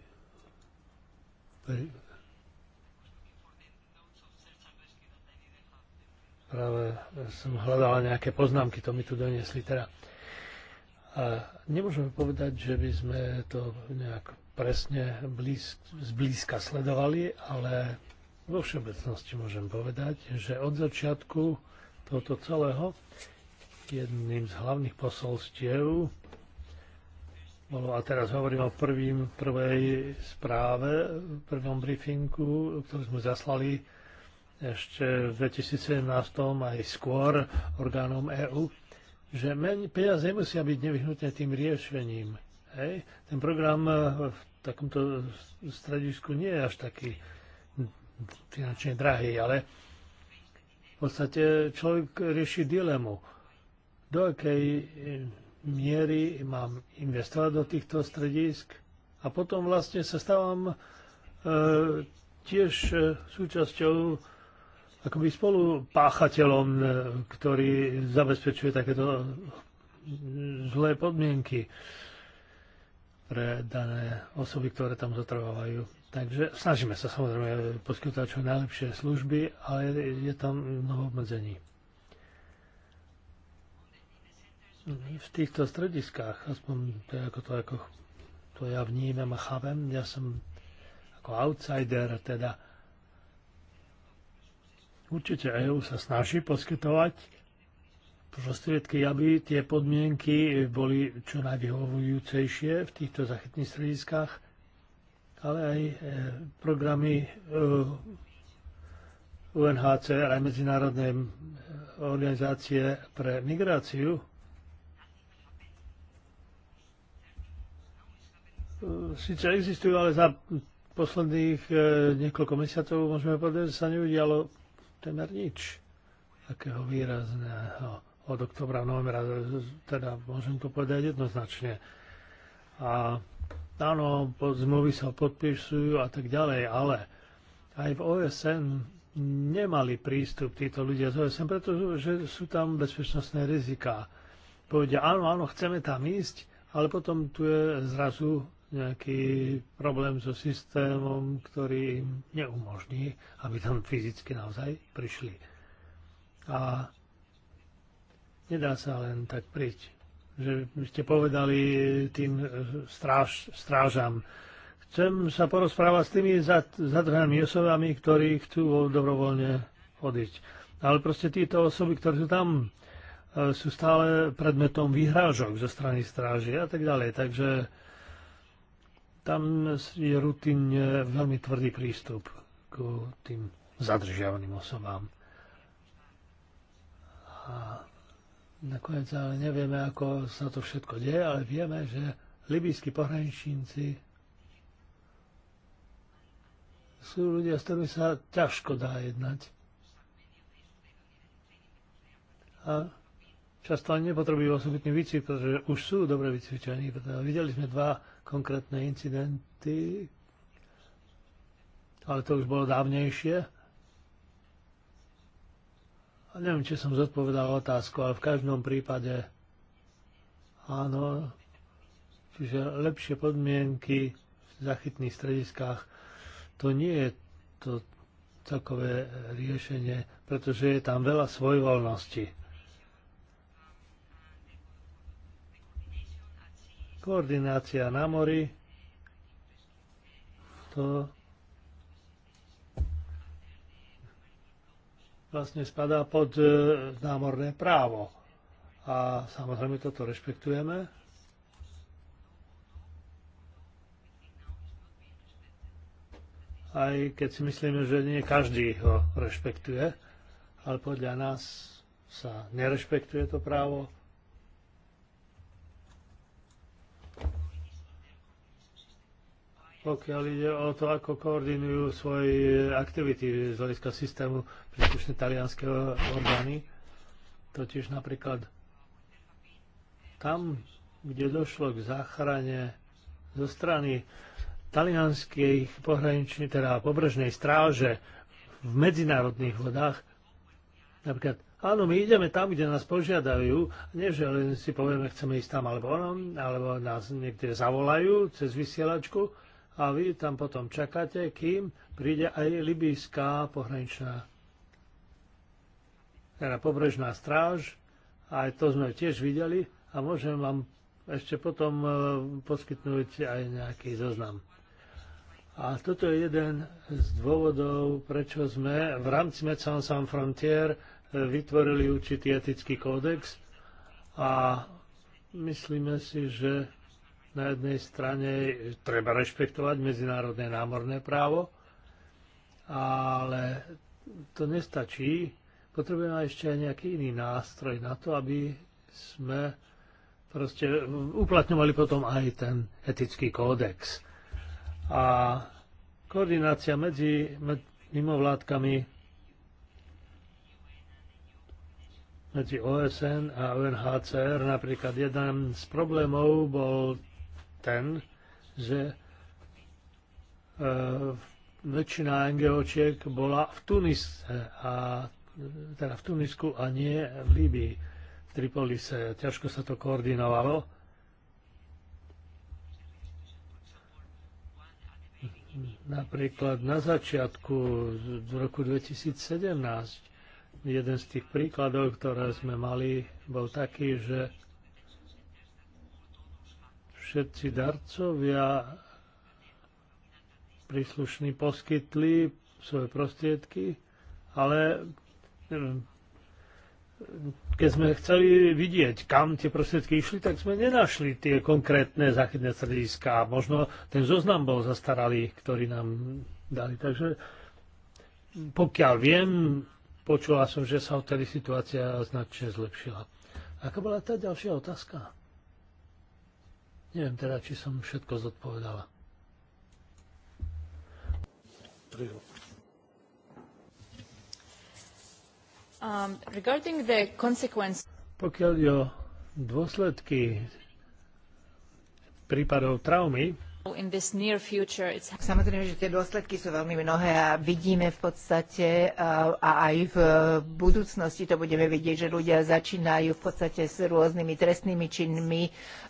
Práve som hľadala nejaké poznámky, to mi tu doniesli teda. A nemôžeme povedať, že by sme to nejak presne blíz, zblízka sledovali, ale vo všeobecnosti môžem povedať, že od začiatku tohoto celého jedným z hlavných posolstiev bolo. No, a teraz hovorím o prvým, prvej správe, prvom briefingu, ktorú sme zaslali ešte v 2017 aj skôr orgánom EÚ, že peniaze nemusia byť nevyhnutne tým riešením. Hej? Ten program v takomto stredisku nie je až taký finančne drahý, ale v podstate človek rieši dilemu. Do akej miery mám investovať do týchto stredisk. A potom vlastne sa stávam e, tiež e, súčasťou akoby spolupáchateľom, e, ktorý zabezpečuje takéto zlé podmienky pre dané osoby, ktoré tam zotrvávajú. Takže snažíme sa samozrejme poskytovať čo najlepšie služby, ale je tam mnoho obmedzení. Mm-hmm. v týchto strediskách, aspoň to je ako to, ako to ja vnímam a chápem, ja som ako outsider, teda určite EU sa snaží poskytovať prostriedky, aby tie podmienky boli čo najvyhovujúcejšie v týchto zachytných strediskách, ale aj e, programy e, UNHCR, aj medzinárodné e, organizácie pre migráciu E, síce existujú, ale za posledných e, niekoľko mesiacov, môžeme povedať, že sa neudialo temer nič takého výrazného od oktobra, novembra, teda môžem to povedať jednoznačne. A áno, zmluvy sa podpisujú a tak ďalej, ale aj v OSN nemali prístup títo ľudia z OSN, pretože sú tam bezpečnostné riziká. Povedia, áno, áno, chceme tam ísť, ale potom tu je zrazu nejaký problém so systémom, ktorý im neumožní, aby tam fyzicky naozaj prišli. A nedá sa len tak priť. Že by ste povedali tým stráž, strážam, chcem sa porozprávať s tými zadrhanými osobami, ktorí chcú dobrovoľne odísť. Ale proste títo osoby, ktoré sú tam, e, sú stále predmetom výhrážok zo strany stráže a tak ďalej. Takže tam je rutinne veľmi tvrdý prístup k tým zadržiavaným osobám. A nakoniec ale nevieme, ako sa to všetko deje, ale vieme, že libijskí pohraničníci sú ľudia, s ktorými sa ťažko dá jednať. A často ani nepotrebujú osobitný výcvik, pretože už sú dobre vycvičení. Videli sme dva konkrétne incidenty, ale to už bolo dávnejšie. A neviem, či som zodpovedal otázku, ale v každom prípade áno, čiže lepšie podmienky v zachytných strediskách, to nie je to celkové riešenie, pretože je tam veľa svojvoľnosti. Koordinácia na mori to vlastne spadá pod e, námorné právo. A samozrejme toto rešpektujeme. Aj keď si myslíme, že nie každý ho rešpektuje, ale podľa nás sa nerešpektuje to právo. pokiaľ ide o to, ako koordinujú svoje aktivity z hľadiska systému príslušné talianské orgány. Totiž napríklad tam, kde došlo k záchrane zo strany talianských pohraničnej, teda pobrežnej stráže v medzinárodných vodách, napríklad Áno, my ideme tam, kde nás požiadajú. Nie, že len si povieme, chceme ísť tam alebo onom, alebo nás niekde zavolajú cez vysielačku, a vy tam potom čakáte, kým príde aj libijská pohraničná teda pobrežná stráž. Aj to sme tiež videli a môžem vám ešte potom e, poskytnúť aj nejaký zoznam. A toto je jeden z dôvodov, prečo sme v rámci Medsan San Frontier e, vytvorili určitý etický kódex a myslíme si, že na jednej strane treba rešpektovať medzinárodné námorné právo, ale to nestačí. Potrebujeme ešte aj nejaký iný nástroj na to, aby sme proste uplatňovali potom aj ten etický kódex. A koordinácia medzi, med, mimovládkami medzi OSN a UNHCR napríklad jeden z problémov bol ten, že e, väčšina NGOčiek bola v Tunise, a teda v Tunisku a nie v Libii V Tripolise ťažko sa to koordinovalo. Napríklad na začiatku v roku 2017 jeden z tých príkladov, ktoré sme mali, bol taký, že všetci darcovia príslušní poskytli svoje prostriedky, ale keď sme chceli vidieť, kam tie prostriedky išli, tak sme nenašli tie konkrétne zachytné strediska. Možno ten zoznam bol zastaralý, ktorý nám dali. Takže pokiaľ viem, počula som, že sa odtedy situácia značne zlepšila. Aká bola tá ďalšia otázka? Neviem teda, či som všetko zodpovedala. Um, Pokiaľ je o dôsledky prípadov traumy, Samozrejme, že tie dôsledky sú veľmi mnohé a vidíme v podstate eh, a, aj v budúcnosti to budeme vidieť, že ľudia začínajú v podstate s rôznymi trestnými činmi,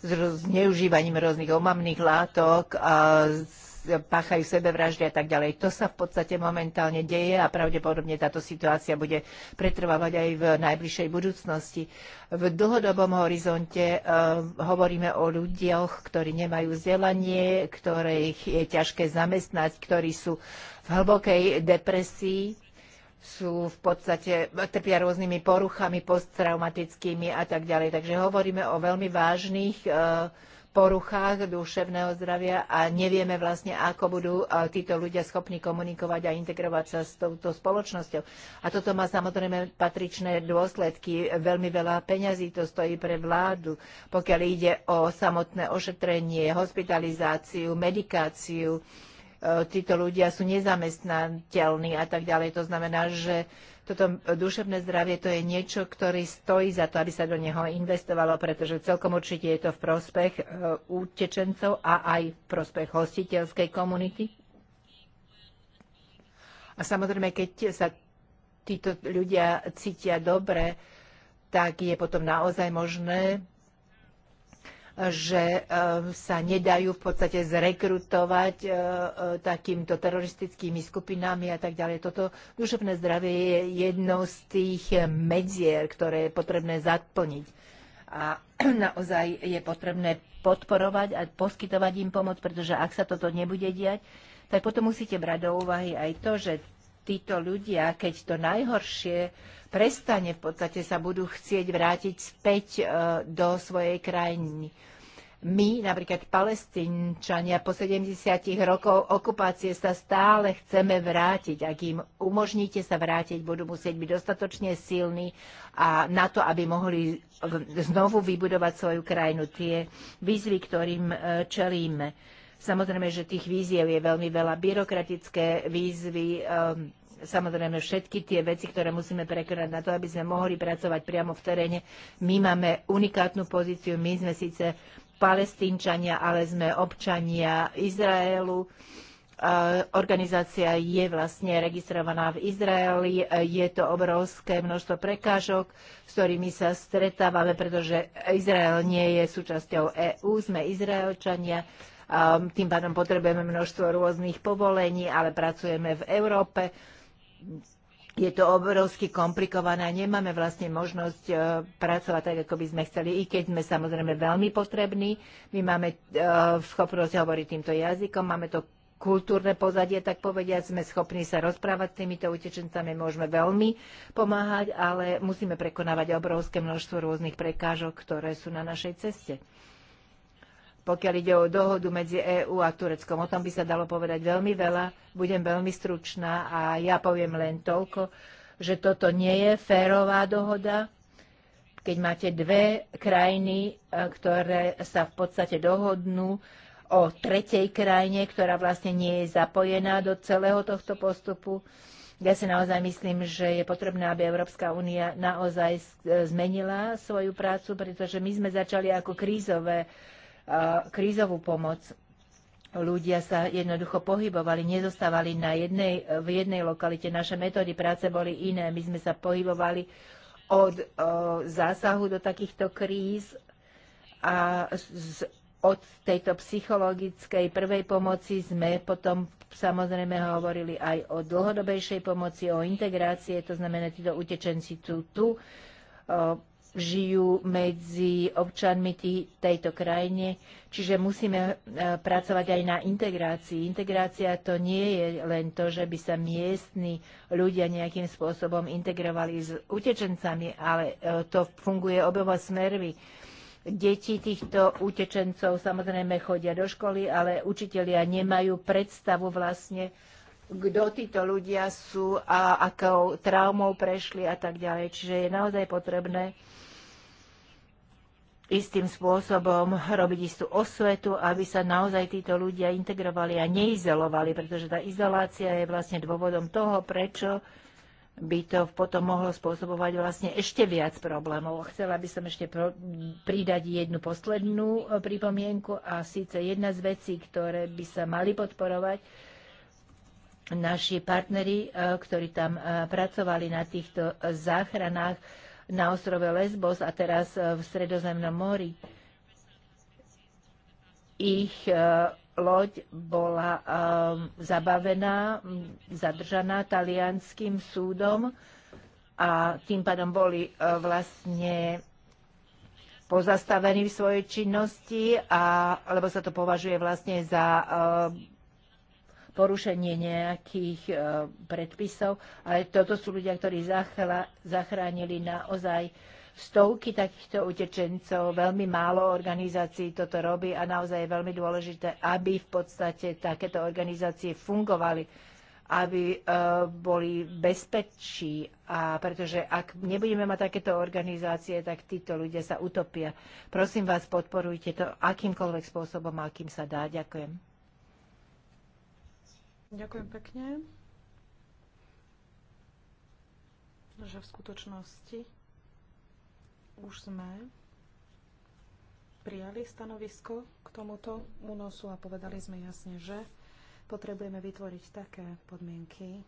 s zneužívaním rôznych omamných látok a s páchajú sebevraždy a tak ďalej. To sa v podstate momentálne deje a pravdepodobne táto situácia bude pretrvávať aj v najbližšej budúcnosti. V dlhodobom horizonte eh, hovoríme o ľuďoch, ktorí nemajú vzdelanie, ktorých je ťažké zamestnať, ktorí sú v hlbokej depresii, sú v podstate, trpia rôznymi poruchami posttraumatickými a tak ďalej. Takže hovoríme o veľmi vážnych eh, poruchách duševného zdravia a nevieme vlastne, ako budú e, títo ľudia schopní komunikovať a integrovať sa s touto spoločnosťou. A toto má samozrejme patričné dôsledky. Veľmi veľa peňazí to stojí pre vládu, pokiaľ ide o samotné ošetrenie, hospitalizáciu, medikáciu. E, títo ľudia sú nezamestnateľní a tak ďalej. To znamená, že toto duševné zdravie to je niečo, ktorý stojí za to, aby sa do neho investovalo, pretože celkom určite je to v prospech e, utečencov a aj v prospech hostiteľskej komunity. A samozrejme, keď sa títo ľudia cítia dobre, tak je potom naozaj možné že e, sa nedajú v podstate zrekrutovať e, e, takýmto teroristickými skupinami a tak ďalej. Toto duševné zdravie je jednou z tých medzier, ktoré je potrebné zaplniť. A naozaj je potrebné podporovať a poskytovať im pomoc, pretože ak sa toto nebude diať, tak potom musíte brať do úvahy aj to, že títo ľudia, keď to najhoršie prestane, v podstate sa budú chcieť vrátiť späť e, do svojej krajiny. My, napríklad palestínčania, po 70 rokov okupácie sa stále chceme vrátiť. Ak im umožníte sa vrátiť, budú musieť byť dostatočne silní a na to, aby mohli znovu vybudovať svoju krajinu. Tie výzvy, ktorým e, čelíme. Samozrejme, že tých výziev je veľmi veľa. Byrokratické výzvy, um, samozrejme všetky tie veci, ktoré musíme prekonať na to, aby sme mohli pracovať priamo v teréne. My máme unikátnu pozíciu, my sme síce palestínčania, ale sme občania Izraelu. Organizácia je vlastne registrovaná v Izraeli. Je to obrovské množstvo prekážok, s ktorými sa stretávame, pretože Izrael nie je súčasťou EÚ, sme Izraelčania. Tým pádom potrebujeme množstvo rôznych povolení, ale pracujeme v Európe je to obrovsky komplikované a nemáme vlastne možnosť e, pracovať tak, ako by sme chceli, i keď sme samozrejme veľmi potrební. My máme e, schopnosť hovoriť týmto jazykom, máme to kultúrne pozadie, tak povediať, sme schopní sa rozprávať s týmito utečencami, môžeme veľmi pomáhať, ale musíme prekonávať obrovské množstvo rôznych prekážok, ktoré sú na našej ceste pokiaľ ide o dohodu medzi EÚ a Tureckom. O tom by sa dalo povedať veľmi veľa, budem veľmi stručná a ja poviem len toľko, že toto nie je férová dohoda, keď máte dve krajiny, e, ktoré sa v podstate dohodnú o tretej krajine, ktorá vlastne nie je zapojená do celého tohto postupu. Ja si naozaj myslím, že je potrebné, aby Európska únia naozaj e, zmenila svoju prácu, pretože my sme začali ako krízové E, krízovú pomoc. Ľudia sa jednoducho pohybovali, nezostávali na jednej, v jednej lokalite. Naše metódy práce boli iné. My sme sa pohybovali od o, e, zásahu do takýchto kríz a z, od tejto psychologickej prvej pomoci sme potom samozrejme hovorili aj o dlhodobejšej pomoci, o integrácie, to znamená, títo utečenci sú tu, e, žijú medzi občanmi tý, tejto krajine. Čiže musíme e, pracovať aj na integrácii. Integrácia to nie je len to, že by sa miestni ľudia nejakým spôsobom integrovali s utečencami, ale e, to funguje obovo smermi. Deti týchto utečencov samozrejme chodia do školy, ale učitelia nemajú predstavu vlastne, kto títo ľudia sú a akou traumou prešli a tak ďalej. Čiže je naozaj potrebné istým spôsobom robiť istú osvetu, aby sa naozaj títo ľudia integrovali a neizolovali, pretože tá izolácia je vlastne dôvodom toho, prečo by to potom mohlo spôsobovať vlastne ešte viac problémov. Chcela by som ešte pridať jednu poslednú eh, pripomienku a síce jedna z vecí, ktoré by sa mali podporovať, naši partneri, e, ktorí tam e, pracovali na týchto záchranách na ostrove Lesbos a teraz e, v Sredozemnom mori. Ich loď bola zabavená, zadržaná talianským súdom a tým pádom boli vlastne pozastavení v svojej činnosti, a, lebo sa to považuje vlastne za porušenie nejakých e, predpisov, ale toto sú ľudia, ktorí zachránili naozaj stovky takýchto utečencov, veľmi málo organizácií toto robí a naozaj je veľmi dôležité, aby v podstate takéto organizácie fungovali, aby e, boli bezpečí a pretože ak nebudeme mať takéto organizácie, tak títo ľudia sa utopia. Prosím vás, podporujte to akýmkoľvek spôsobom, akým sa dá. Ďakujem. Ďakujem pekne. Že v skutočnosti už sme prijali stanovisko k tomuto únosu a povedali sme jasne, že potrebujeme vytvoriť také podmienky,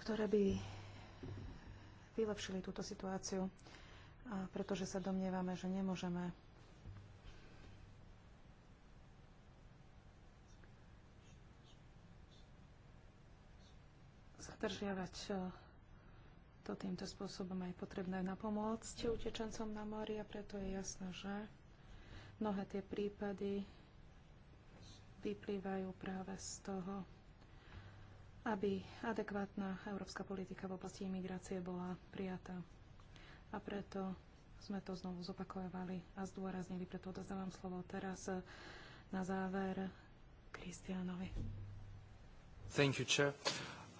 ktoré by vylepšili túto situáciu, pretože sa domnievame, že nemôžeme zdržiavať eh, to týmto spôsobom aj potrebné napomôcť utečencom na mori a preto je jasné, že mnohé tie prípady vyplývajú práve z toho, aby adekvátna európska politika v oblasti imigrácie bola prijatá. A preto sme to znovu zopakovali a zdôraznili, preto odozdávam slovo teraz eh, na záver Kristianovi. Thank you, Chair.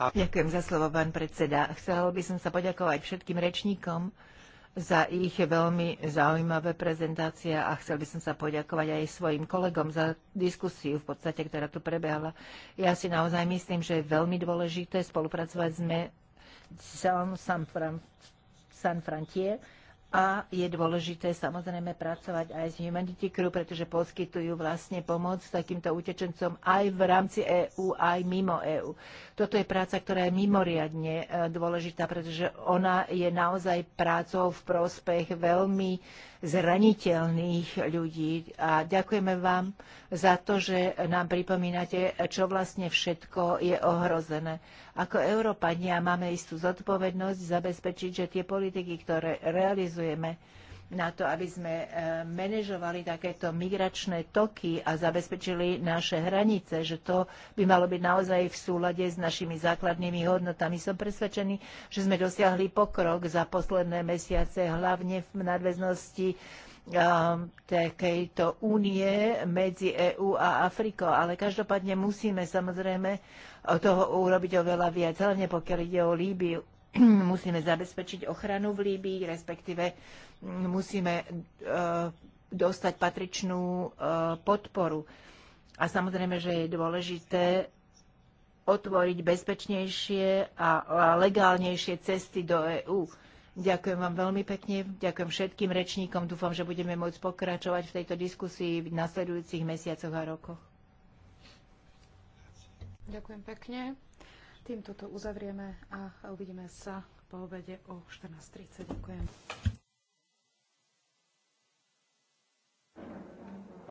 Ďakujem za slovo, pán predseda. Chcel by som sa poďakovať všetkým rečníkom za ich veľmi zaujímavé prezentácie a chcel by som sa poďakovať aj svojim kolegom za diskusiu, v podstate, ktorá tu prebehla. Ja si naozaj myslím, že je veľmi dôležité spolupracovať s San, San, Fran, a je dôležité samozrejme pracovať aj s Humanity Crew, pretože poskytujú vlastne pomoc takýmto utečencom aj v rámci EÚ, aj mimo EÚ. Toto je práca, ktorá je mimoriadne e, dôležitá, pretože ona je naozaj prácou v prospech veľmi zraniteľných ľudí. A ďakujeme vám za to, že nám pripomínate, čo vlastne všetko je ohrozené. Ako Európania máme istú zodpovednosť zabezpečiť, že tie politiky, ktoré realizujeme, na to, aby sme e, manažovali takéto migračné toky a zabezpečili naše hranice, že to by malo byť naozaj v súlade s našimi základnými hodnotami. Som presvedčený, že sme dosiahli pokrok za posledné mesiace, hlavne v nadväznosti e, takejto únie medzi EÚ a Afrikou. Ale každopádne musíme samozrejme toho urobiť oveľa viac, hlavne pokiaľ ide o Líbiu musíme zabezpečiť ochranu v Líbii, respektíve mm, musíme e, dostať patričnú e, podporu. A samozrejme, že je dôležité otvoriť bezpečnejšie a legálnejšie cesty do EÚ. Ďakujem vám veľmi pekne, ďakujem všetkým rečníkom, dúfam, že budeme môcť pokračovať v tejto diskusii v nasledujúcich mesiacoch a rokoch. Ďakujem pekne. Týmto to uzavrieme a uvidíme sa po obede o 14.30. Ďakujem.